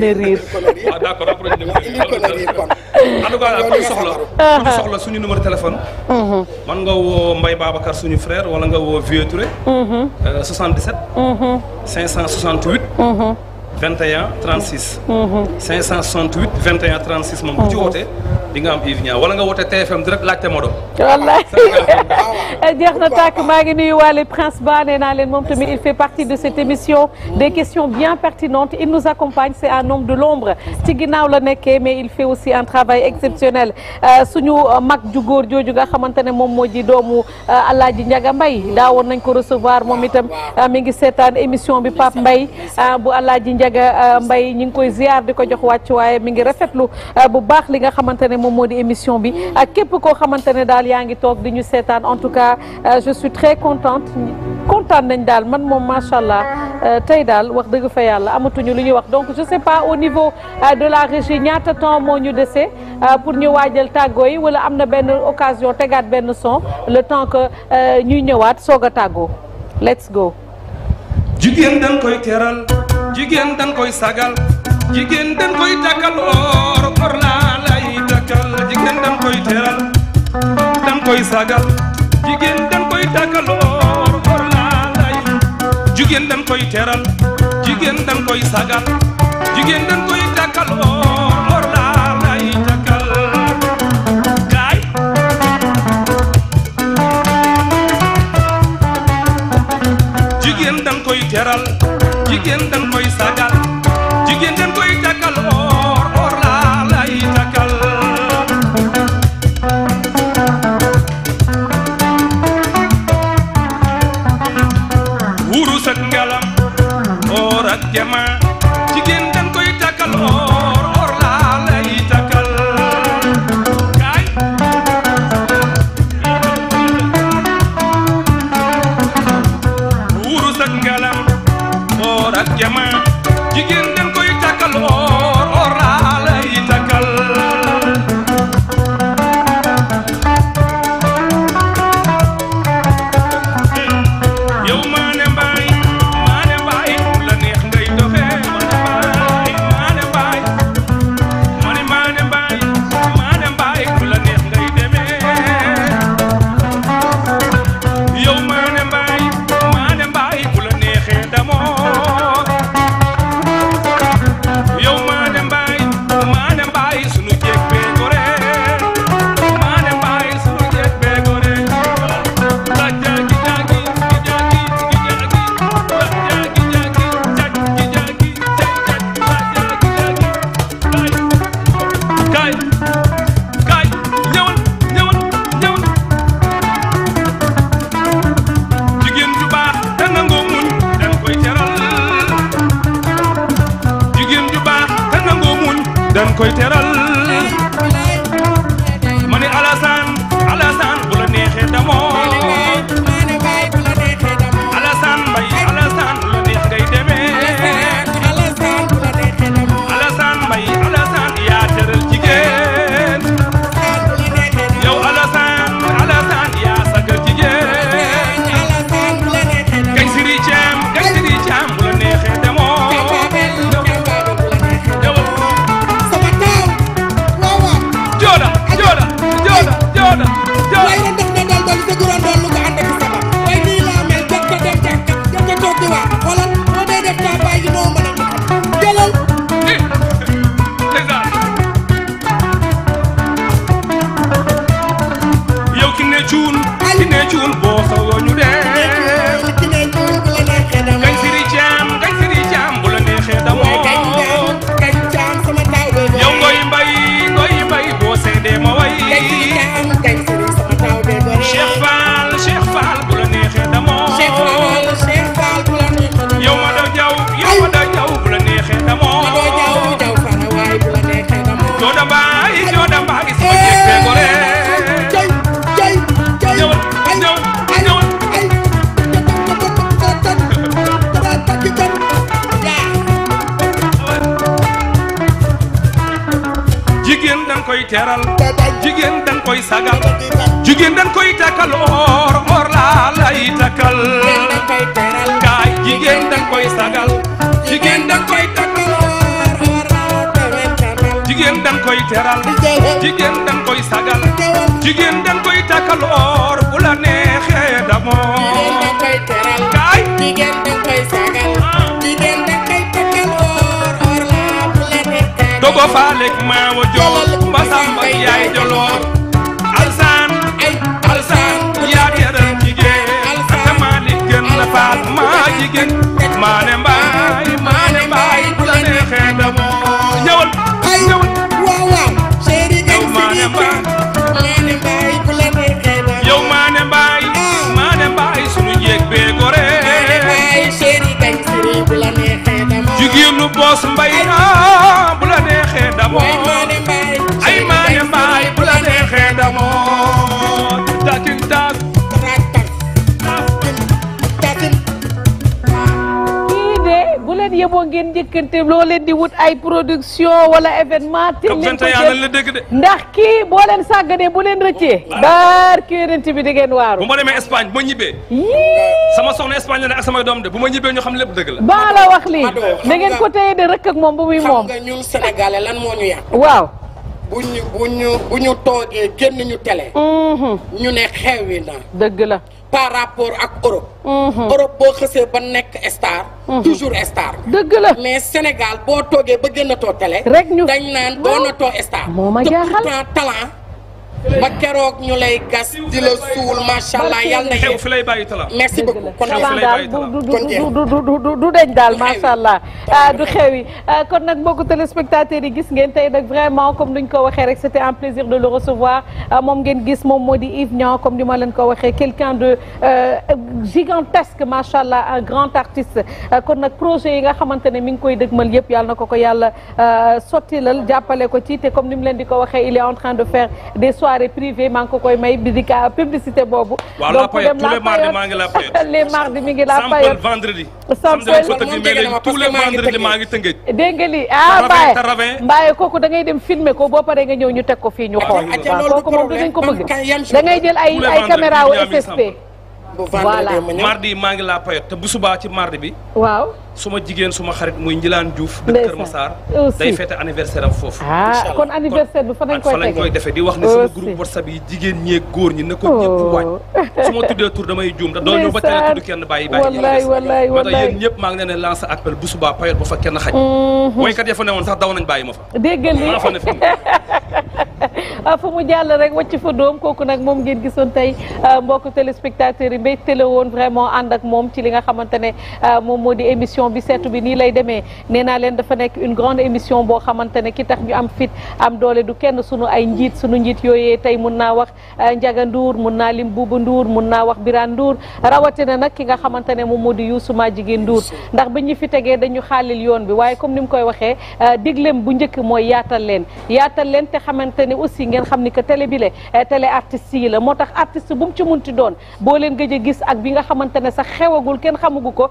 de ah, d'accord après ñu ah, ah. soxla suñu numéro téléphone. Mhm. man nga woo Mbaye Babacar suñu frère wala nga woo Vieux Touré. 77. 568. 21 36. 568 21 36 moom bu ci mhm. wootee. di nga am Yves nga woote TFM direct laajte Modo. wallaay eh, jeex na ngi nuyu waale Prince Ba nee naa leen moom tamit il fait partie de cette émission des questions bien pertinentes il nous accompagne c'est un homme de l'ombre ci ginnaaw la nekkee mais il fait aussi un travail exceptionnel euh, suñu euh, mag ju góor jooju nga xamante ne moom moo ji doomu euh, ji Njaga Mbay daawoon nañ ko recevoir moom itam mi ngi seetaan émission bi Pape Mbay bu ji Njaga Mbay ñi ngi koy ziar di ko jox wàcc waaye mi ngi rafetlu moom moo di émission bi ak képp koo xamante ne daal yaa ngi toog di ñu seetaan en tout cas euh, je suis très contente kontaan nañ daal man moom macha allah euh, tey daal wax dëgg fa yàlla amatuñu lu ñuy wax donc je sais pas au niveau euh, de la régie ñaata temps moo ñu dese pour ñu waajal tàggoo yi wala am na benn occasion tegaat benn son le temps que ñuy ñëwaat soog a tàggoo let's go. jigéen dañ koy teral jigéen dañ koy sagal call jigéen dan koy teral dan koy sagal jigéen dan koy tàkkaloor góor laa lay jigéen dan koy teral jigéen dan koy sagal jigéen dan koy tàkkaloor góor laa teral jamaa production wala événement. teel leen ko jël la dégg de. ndax kii boo leen sàgganee bu leen rëccee. Oh, barke yonent bi di ngeen waaru. bu ma demee Espagne bu ma ñibbee. sama soxna Espagne la sama ak doom de bu ma ñibbee ñu xam lépp dëgg la. baa la wax lii da ngeen ko téye de rëkk ak moom bu muy moom. xam nga ñun sénégalais lan moo ñu yàq. waaw. bu ñu toogee ñu bu ñu toogee génn ñu mm-hmm. ñu ne xewi na. dëgg la. par rapport ak Europe. Mhm. Europe boo xësee ba nekk star. Mhm. toujours star. dëgg la mais Sénégal boo toogee ba gën a too télé. rek ñu dañ naan doonatoo star. moo ma jaaxal ba keroog ñu lay gas di la suul macha allah yal na yow fi lay bàyyi tala merci beaucoup kon daal du du deñ daal macha allah du xew yi ah, ah, kon nag mbokku téléspectateurs yi gis ngeen tey nag vraiment comme ni ñu ko waxee rek c' était un plaisir de le recevoir ah, moom ngeen gis moom moo di Yves Niang comme ni ma leen ko waxee quelqu'un de euh, gigantesque macha allah un grand artiste kon nag projet yi nga xamante ne mi ngi koy dëgmal yëpp yàlla na ko ko yàlla euh, sottilal jàppale ko ci te comme ni mu leen di ko waxee il est en train de faire des soirée privée maa ngi ko koy may bidika publicité boobu. waaw la payotte tous les la payotte les mardis mi ngi la payotte. vendredi. ah Mbaye kooku da dem filmer ko boo paree nga ñëw ñu teg ko fii ñu xool. kooku moom dinañ jël ay caméra wu SSP. mardi maa ngi la payotte te bu subaa ci mardi bi waaw suma jigéen suma xarit muy Njilaan Diouf. dëkk Kër Massar day fête anniversaire am foofu. ah kon anniversaire bi fa lañ koy fa lañ koy defee di wax ne sama groupe WhatsApp yi jigéen ñeeg góor ñi ne ko ñëpp oh. ma tuddee tur damay da ba teel tudd kenn bàyyi bàyyi. bu subaa payot ba fa kenn xaj. Mhm. woykat ya fa newoon sax daw nañ bàyyi fa. dégg nga lii ah, fu mu jàll rek wàcc fa doom kooku nag moom ngeen gisoon tey ah, mbokk téléspectateurs yi mbégte la woon vraiment ànd ak moom ci li nga xamante ne ah, moom moo di émission émission bi seetu bi nii lay demee nee naa leen dafa nekk une grande émission boo xamante ne ki tax ñu am fit am doole du kenn sunu ay njiit sunu njiit yooye tey mun naa wax euh, Ndiaga Ndour mun naa lim Bouba Ndour mun naa wax Birane Ndour rawatina nag ki nga xamante ne moom moo di Youssou jigéen Ndour ndax ba ñu fi tegee dañu xaalil yoon bi waaye comme ni mu koy waxee euh, digleem bu njëkk mooy yaatal leen yaatal leen te xamante ne aussi ngeen xam ni que télé bi le euh, télé artistes yi la moo tax artiste bu mu ci munti doon boo leen gis ak bi nga xamante ne sax xewagul kenn xamagu ko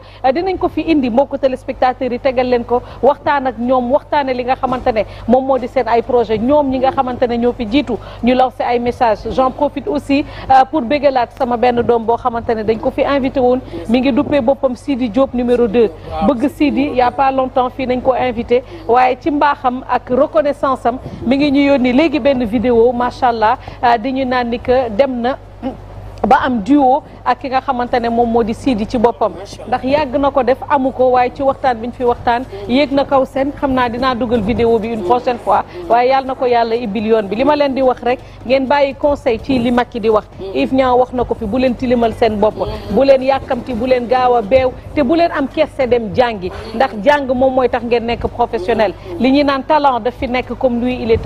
mbokku téléspectateurs yi tegal leen ko waxtaan ak ñoom waxtaane li nga xamante ne moom moo di seen ay projet ñoom ñi nga xamante ne ñoo fi jiitu ñu lancé ay message j'en profite aussi euh, pour bégalaat sama benn doom boo xamante ne dañ ko fi invité woon mi ngi duppee boppam Sidi Diop numéro 2 bëgg Sidi y a pas longtemps fii nañ ko invité waaye ci mbaaxam ak reconnaissance am mi ngi ñu yónni léegi benn vidéo macha allah euh, di ñu naan ni que dem na ba am duo ak ki nga xamante ne moom moo di Sidi ci boppam ndax yàgg na ko def amu ko waaye ci waxtaan bi ñu fi waxtaan yéeg na kaw seen xam naa dinaa dugal vidéo bi une prochaine fois waaye yàlla na ko yàlla ibbil yoon bi li ma leen di wax rek ngeen bàyyi conseil ci li Macky di wax Yves Niang wax na ko fi bu leen tilimal seen bopp bu leen yàkkamti bu leen gaaw a beew te bu leen am kerse dem jàngi ndax jàng moom mooy tax ngeen nekk professionnel li ñuy naan talent daf fi nekk comme lui il est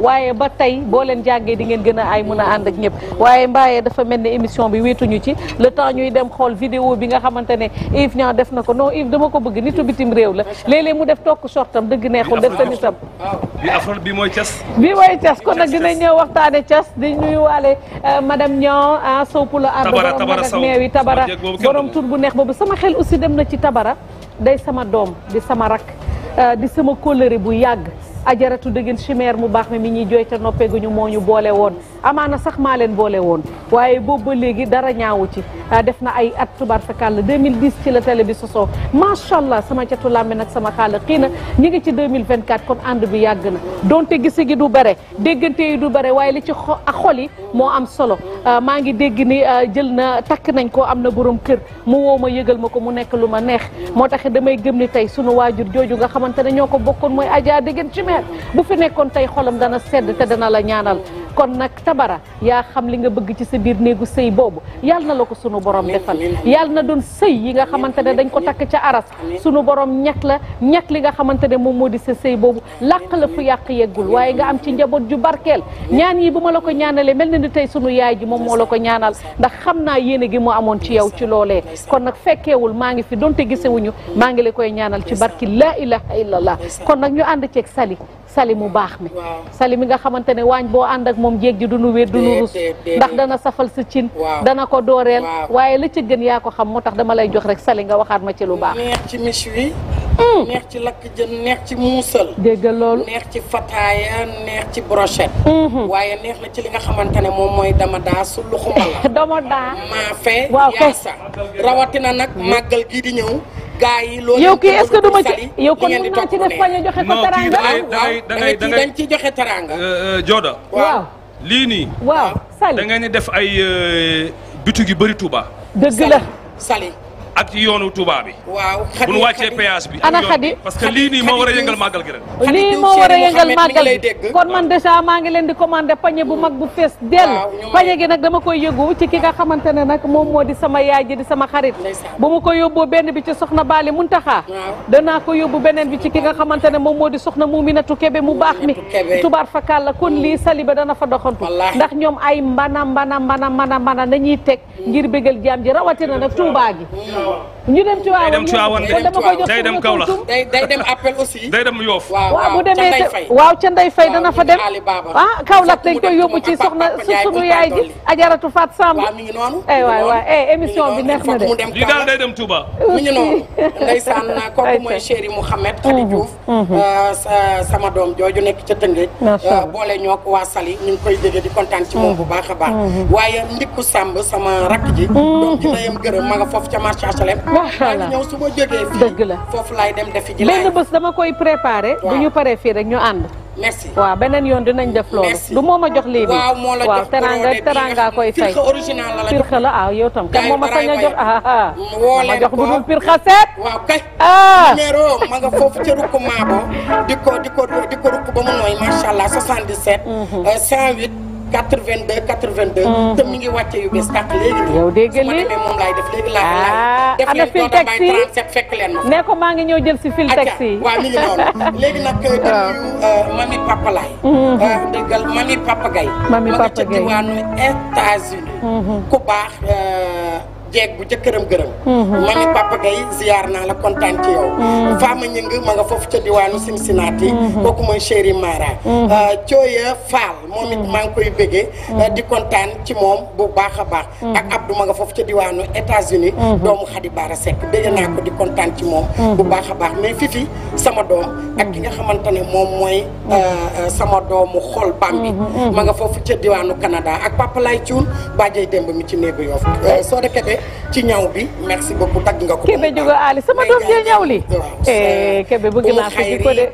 waaye ba tey boo leen jàngee di ngeen gën a ay mën a ànd mel ne émission bi wéetuñu ci le temps ñuy dem xool vidéo bi nga xamante ne Yves def na ko non Yves dama ko bëgg nitu bitim réew la léeg-léeg mu def tokk sortam dëgg neexul def tenitam bi afro bi mooy cas bi mooy nag dina ñëw waxtaane cas di ñuy waale euh, madame Niang ah sowpula arda borom nag ak yi tabara borom tur bu neex boobu sama xel aussi dem na ci tabara day sama doom di sama rak euh, di sama kóllëre bu yàgg ajaratu dëggeen chimère mu baax mi mi ñuy jooy te noppeeguñu moo ñu boole woon amaana sax maa leen boole woon waaye boobu léegi dara ñaawu ci ah, def na ay at tubaar fakàll 2010 ci la télé bi sosoo macha allah sama catu làmbi nag sama xaala xii na ñi ngi ci 2024 kon ànd bi yàgg na donte gise gi du bare déggante yi du bare waaye li ci xol yi moo am solo ah, maa ngi dégg ni ah, jël na takk nañ ko am na borom kër mu woo ma yëgal ma ko mu nekk lu ma neex moo tax damay gëm ni tey sunu waajur jooju nga xamante ne ñoo ko bokkoon mooy Adja Degen ci meer bu fi nekkoon tey xolam dana sedd te na la ñaanal kon nag tabara yaa xam li nga bëgg ci sa biir néegu sëy boobu yal na la ko sunu borom defal yal na doon sëy yi nga xamante ne dañ ko takk ca aras sunu boroom ñakk la ñàkk li nga xamante ne moom moo di sa sëy boobu làq la fu yàq yeggul waaye nga am ci njaboot ju barkeel ñaan yi bu ma la ko ñaanalee mel na ni tey sunu yaay ji moom moo la ko ñaanal ndax xam naa yéene gi mu amoon ci yow ci loolee kon nag fekkeewul maa ngi fi donte gisewuñu maa ngi la koy ñaanal ci barki laa ilaha illallah kon nag ñu ànd ceeg sali sali mu baax moom jéeg ji du nu wéet du nu rus ndax dana safal sa cin dana ko dooreel waaye la ci gën yaa ko xam moo tax dama lay jox rek sali nga waxaat ma ci lu baax neex ci mis wi hmm. neex ci lakk jën neex ci muusal déggal loolu neex ci fataaya neex ci brochette hmm. waaye neex na ci li nga xamante ne moom mooy dama daa su luxuma la dama daa maa yaasa rawatina nag màggal gii di ñëw gaa yi loolu yow kii est-ce que duma ci yow kon mën naa ci def pañe joxe ko taranga waaw da ngay da ngay ci joxe taranga euh, euh, Joda waaw lii nii waaw Sali da ngay ne def ay euh, bitig yu bëri Touba dëgg la Sali ak ci yoonu Touba bi. waaw xadi bu nu wàccee péage bi. ana xadi parce que lii moo war yëngal màggal gi ren. lii moo war yëngal màggal gi kon man dèjà maa ngi leen di commandé pañe bu mag bu fees dell. pañe gi nag dama koy yëgu ci ki nga xamante ne nag moom moo di sama yaay ji di sama xarit. bu ma ko yóbboo benn bi ci soxna Baali Muntaxa. danaa ko yóbbu beneen bi ci ki nga xamante ne moom moo di soxna Muminatu Kebe mu baax mi. tubaar fakal la kon lii saliba dana fa doxantu. ndax ñoom ay mbana mbana mbana mbana mbana nañuy teg ngir bégal jaam ji rawatina nag Touba gi ñu dem ci waawoon day dem Tiwaawan day dem Kaolack day dem appel aussi. day dem Yoof waaw bu demee waaw ca Ndey Fay dana fa dem ah Kaolack dañ koy yóbbu ci soxna su sunu yaay ji a Fat Samb ay eh, waay waay eh, émission bi neex na de lii daal day dem Touba mu ngi noonu ndeysaan kooku mooy chéri Mouhamed Khady Diouf euh, sama doom jooju nekk ca Tëngéej euh, boole ñoo ko waa Sali ñu ngi koy déggee di kontaan ci moom bu baax a baax waaye ndikku Samb sama rakk ji doom ji ndeyam gërëm ma foofu ca marché HLM. macha allah ñëw su ma jógee fii dëgg la foofu laay dem defi ji benn bés dama koy préparé. bu ñu paree fii rek ñu ànd. merci waaw beneen yoon dinañ def loolu. du moo ma jox lii bi waaw moo la jox waaw teranga teranga koy fay. firxe original la la jox firxe la ah, yow tam. kan moo ma sañ a jox ah ah. woo leen jox bu dul firxe seet. waaw kay. ah ma nga foofu ca Rukku Maabo di ko di ba mu nooy macha allah 77. 108. 82 82. Mm-hmm. te mi ngi wàcce yu bees tàq léegi nii. yow dégg lii moom laay def léegi laa laa ah, def leen ne ko maa ngi ñëw jël si fil taxi yi. waaw mi ngi noonu léegi nag. Euh, waaw di nuyu euh, mami papa laay. Mm-hmm. Euh, déggal mami papa Gaye. mami papa Gaye ma nga ca diwaanu États-Unis. Mm-hmm. ku jeeg bu ca këram gërëm mhm. ma ni Papa Gueye naa la kontaan ci yow mhm. Fama Ñing ma nga foofu ca diwaanu Cincinnati mhm. kooku mooy chéri Mara Cooya euh, Fall moom it maa ngi koy bëggee euh, di kontaan ci moom bu baax a baax ak Abdou ma nga foofu ca diwaanu États-Unis doomu Xadi Baara Seck bëggee naa di kontaan ci moom bu baax a baax mais fifi sama doom ak ki nga xamante ne moom mooy euh, sama doomu xol Bambi ma nga foofu ca diwaanu Canada ak Papa Lay Cuun bàjjey démb mi ci néegu Yoff soo dekete ci ñaw bi merci beaucoup tagg nga ko. Kébé Diogo Ali sama doom jee ñaw li. waaw eh, Kébé bëgg naa sa jikko de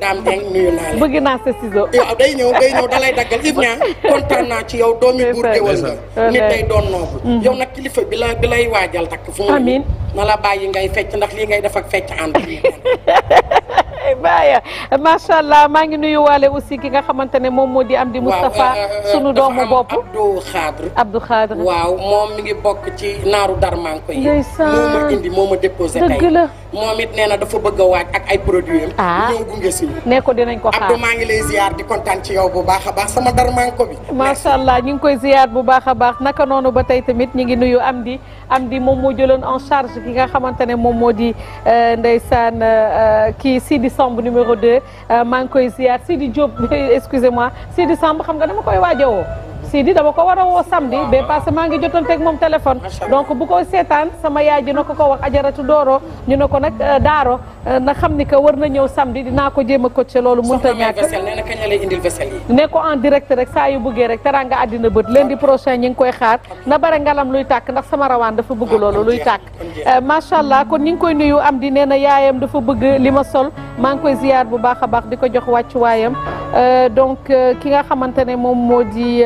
bëgg naa sa ciseau. waaw day ñëw day ñëw dalay daggal if ñaa kontaan naa ci yow doomi buur géwël nga nit day doon noobu mm-hmm. yow nag kilifa bi la bi lay waajal takk fu amiin na la bàyyi ngay fecc ndax lii ngay def ak fecc ànd baya macha allah maa ngi nuyu waale aussi ki nga xamante ne moom moo di euh, euh, euh, am di Moustapha sunu doomu bopp Abdou Khadre Abdou Khadre waaw moom mi ngi bokk ci naaru dara defar manko yi moo ma indi moo ma déposé moom it nee na dafa bëgg a ak ay produit am ah. ñëw gunge si ko dinañ maa ngi lay ziar di kontaan ci yow bu baax a baax sama dar ko bi macha allah ñu ngi koy ziar bu baax a baax naka noonu ba tey tamit ñu ngi nuyu am di am di moom moo jëloon en charge ki nga xamante ne moom moo di ndey euh, ndeysaan euh, kii Sidi Samb numéro 2 euh, maa ngi koy si Sidi Diop excusez moi Sidi Samb xam nga dama koy waajowoo sii Sidi dama ko war a woo samedi ba passé maa ngi jotanteeg moom téléphone donc bu ko seetaan sama yaay dina ko ko wax ajaratu dooro ñu ne ko nag euh, daaro euh, na xam ni ko war na ñëw samedi dinaa ko jéem a coaché loolu mënut a ñàkk ne ko en direct rek saa yu bëggee rek teranga àddina bët lundi prochain ñi ngi koy xaar na bare ngalam luy tàkk ndax sama rawaan dafa bëgg loolu luy tàkk euh, macha allah kon ñi ngi koy nuyu am di nee na yaayam dafa bëgg li ma sol maa ngi koy ziyaar bu baax a baax di ko jox wàccuwaayam donc ki nga xamante ne moom moo di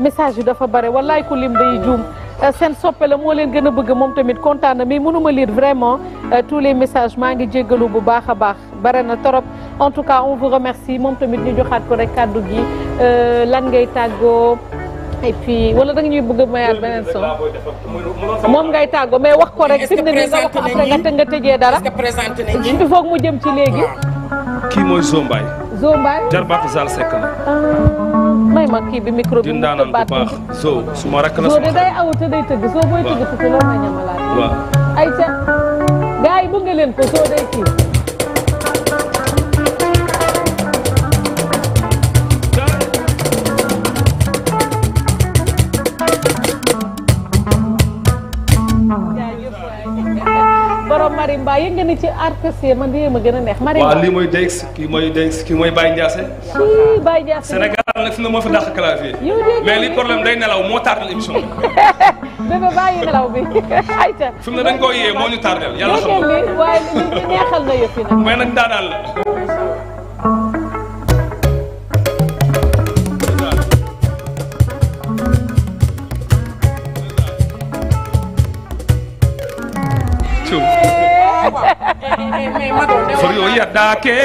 message yi dafa bare wallaay ku lim day juum euh, seen soppe la moo leen gën a bëgg moom tamit kontaan na mais mënuma lire vraiment euh, tous les messages maa ngi jéggalu bu baax a baax bare na torop en tout cas on vous remercie moom tamit ñu joxaat ko rek kàddu gi euh, lan ngay tàggoo et puis wala da nga ñuy bëgg a mayaat beneen son moom ngay tàggoo mais wax ko rek fi mu ne nii nga wax ko après nga nga tëjee dara il faut mu jëm ci léegi kii mooy Zombaay Zombaay jarbaatu Zal Seck sama kii bi micro bi. mu baax soo su ma rakk la soo de day aw day tëgg soo booy tëgg. waaw te loolu la ñamalaat. waaw ayca gars yi Karim Ba yëg nga ne ci artiste man de ma gën a neex. Marème waaw lii mooy Dex kii mooy Dex kii mooy Baye Ndiassé. si Baye Ndiassé Sénégal nag fi mu ne moo fi dàq clavier. mais li problème day nelaw moo tardé émission bi. bébé bàyyi nelaw bi ayca. fi mu ne dañ koo yee moo ñu tardé yàlla xam nga. waaye li neexal na yëf yi nag. mais nag daanaan la. far yoo yaddaake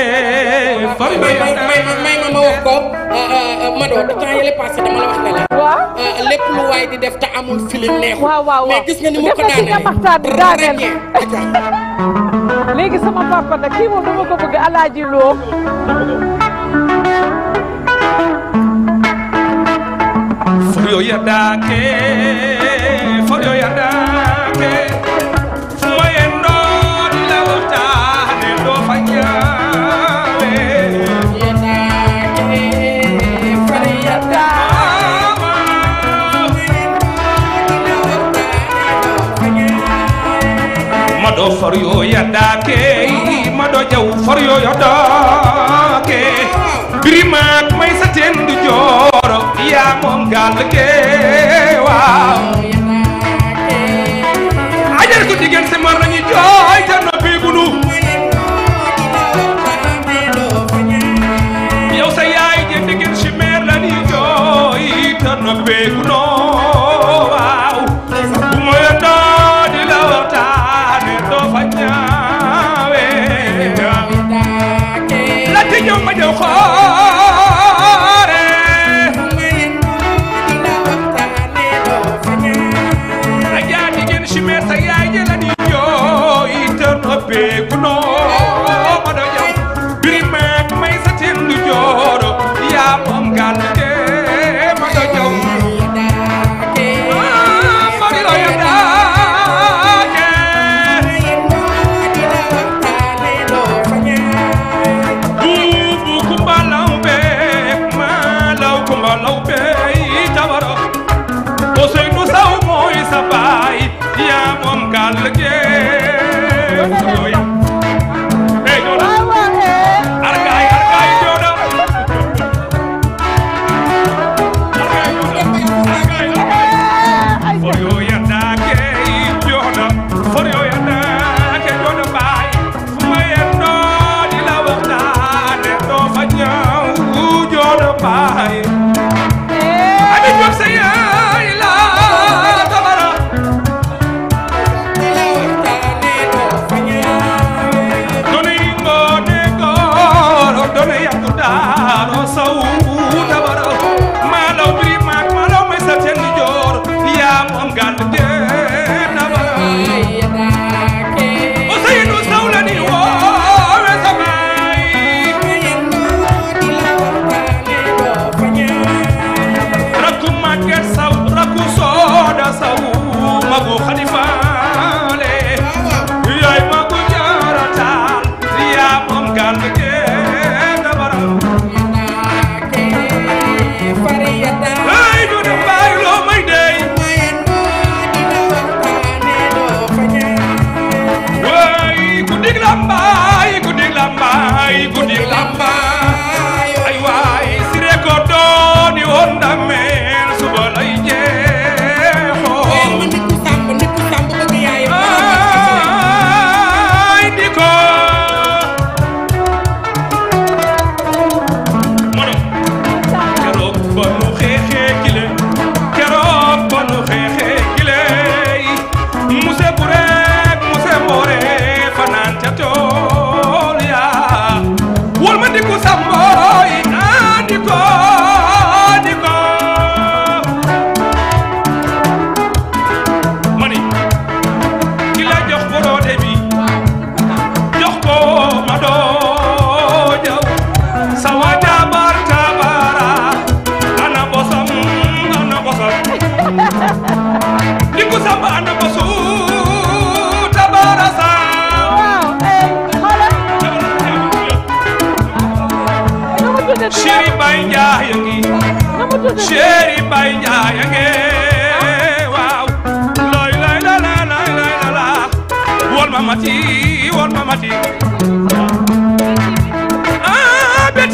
far yoo yaddaake may ma ma wax ko ah, ah, ah, Mado temps yële passé dama la wax ne la waaw lépp lu waay di def te amul filim neexul waaw waaw mais gis nga ni mu ko daanee léegi sama papa nag kii moom dama ko bëgg alaaji loo far yoo yaddaake far yoo yaddaake jaw far yo yaddaake ma do jaw far yo yaddaake birimaak may sa teen du jooro yaa moom gaal ke waaw ajar ko jigéen si mar nañu jooy te noppi gunu yow sa yaay je jigéen si meer lañu jooy te noppi gunu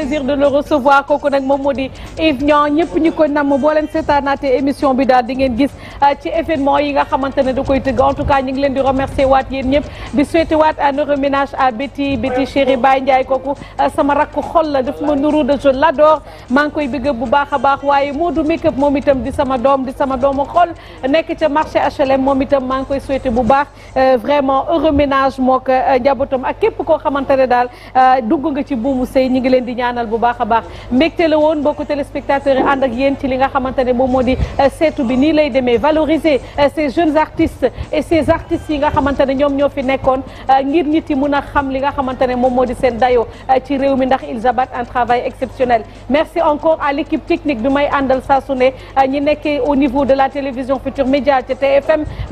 plaisir de le recevoir kooku nag moom moo di Yves Niang ñëpp ñu ko namm boo leen seetaanaatee émission bi daal di ngeen gis euh, ci événement yi nga xamante ne da koy tëgg en tout cas ñu ngi leen di remercier waat yéen ñëpp di souhaiter waat un heureux ménage à Betty Betty chérie Baye Ndiaye kooku euh, sama rakk xool la daf ma nuru de je l'adore maa ngi koy bëgg bu baax a baax waaye Modou Makeup moom itam di sama doom di sama doomu xool nekk ca marché HLM moom itam maa ngi koy souhaiter bu baax Euh, vraiment heureux ménage moo ko euh, njabootam ak képp koo xamante ne daal euh, dugg nga ci buumu sëy ñi ngi leen di ñaanal bu baax a baax mbégte la woon mbokku téléspectateurs yi ànd ak yéen ci li nga xamante ne moom moo di seetu bi ni lay demee valoriser ces jeunes artistes et ces artistes yi nga xamante ne ñoom ñoo fi nekkoon ngir nit yi mun a xam li nga xamante ne moom moo di seen dayo ci réew mi ndax ils abattent un travail exceptionnel merci encore à l'équipe technique bi may àndal saa su ne ñi nekkee au de la télévision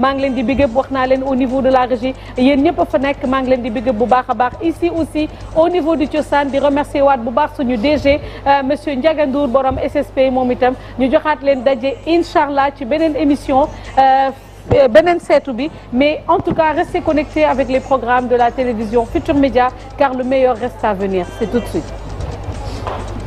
ngi leen niveau de la régie yéen ñëpp fa nekk maa ngi leen di bëgg bu baax a baax ici aussi au niveau du Thiossane di remercier waat bu baax suñu DG euh, monsieur Ndiaga Ndour borom SSP moom itam ñu joxaat leen daje incha allah ci beneen émission euh, euh, beneen seetu bi mais en tout cas restez connectés avec les programmes de la télévision Futur Média car le meilleur reste à venir c'est tout de suite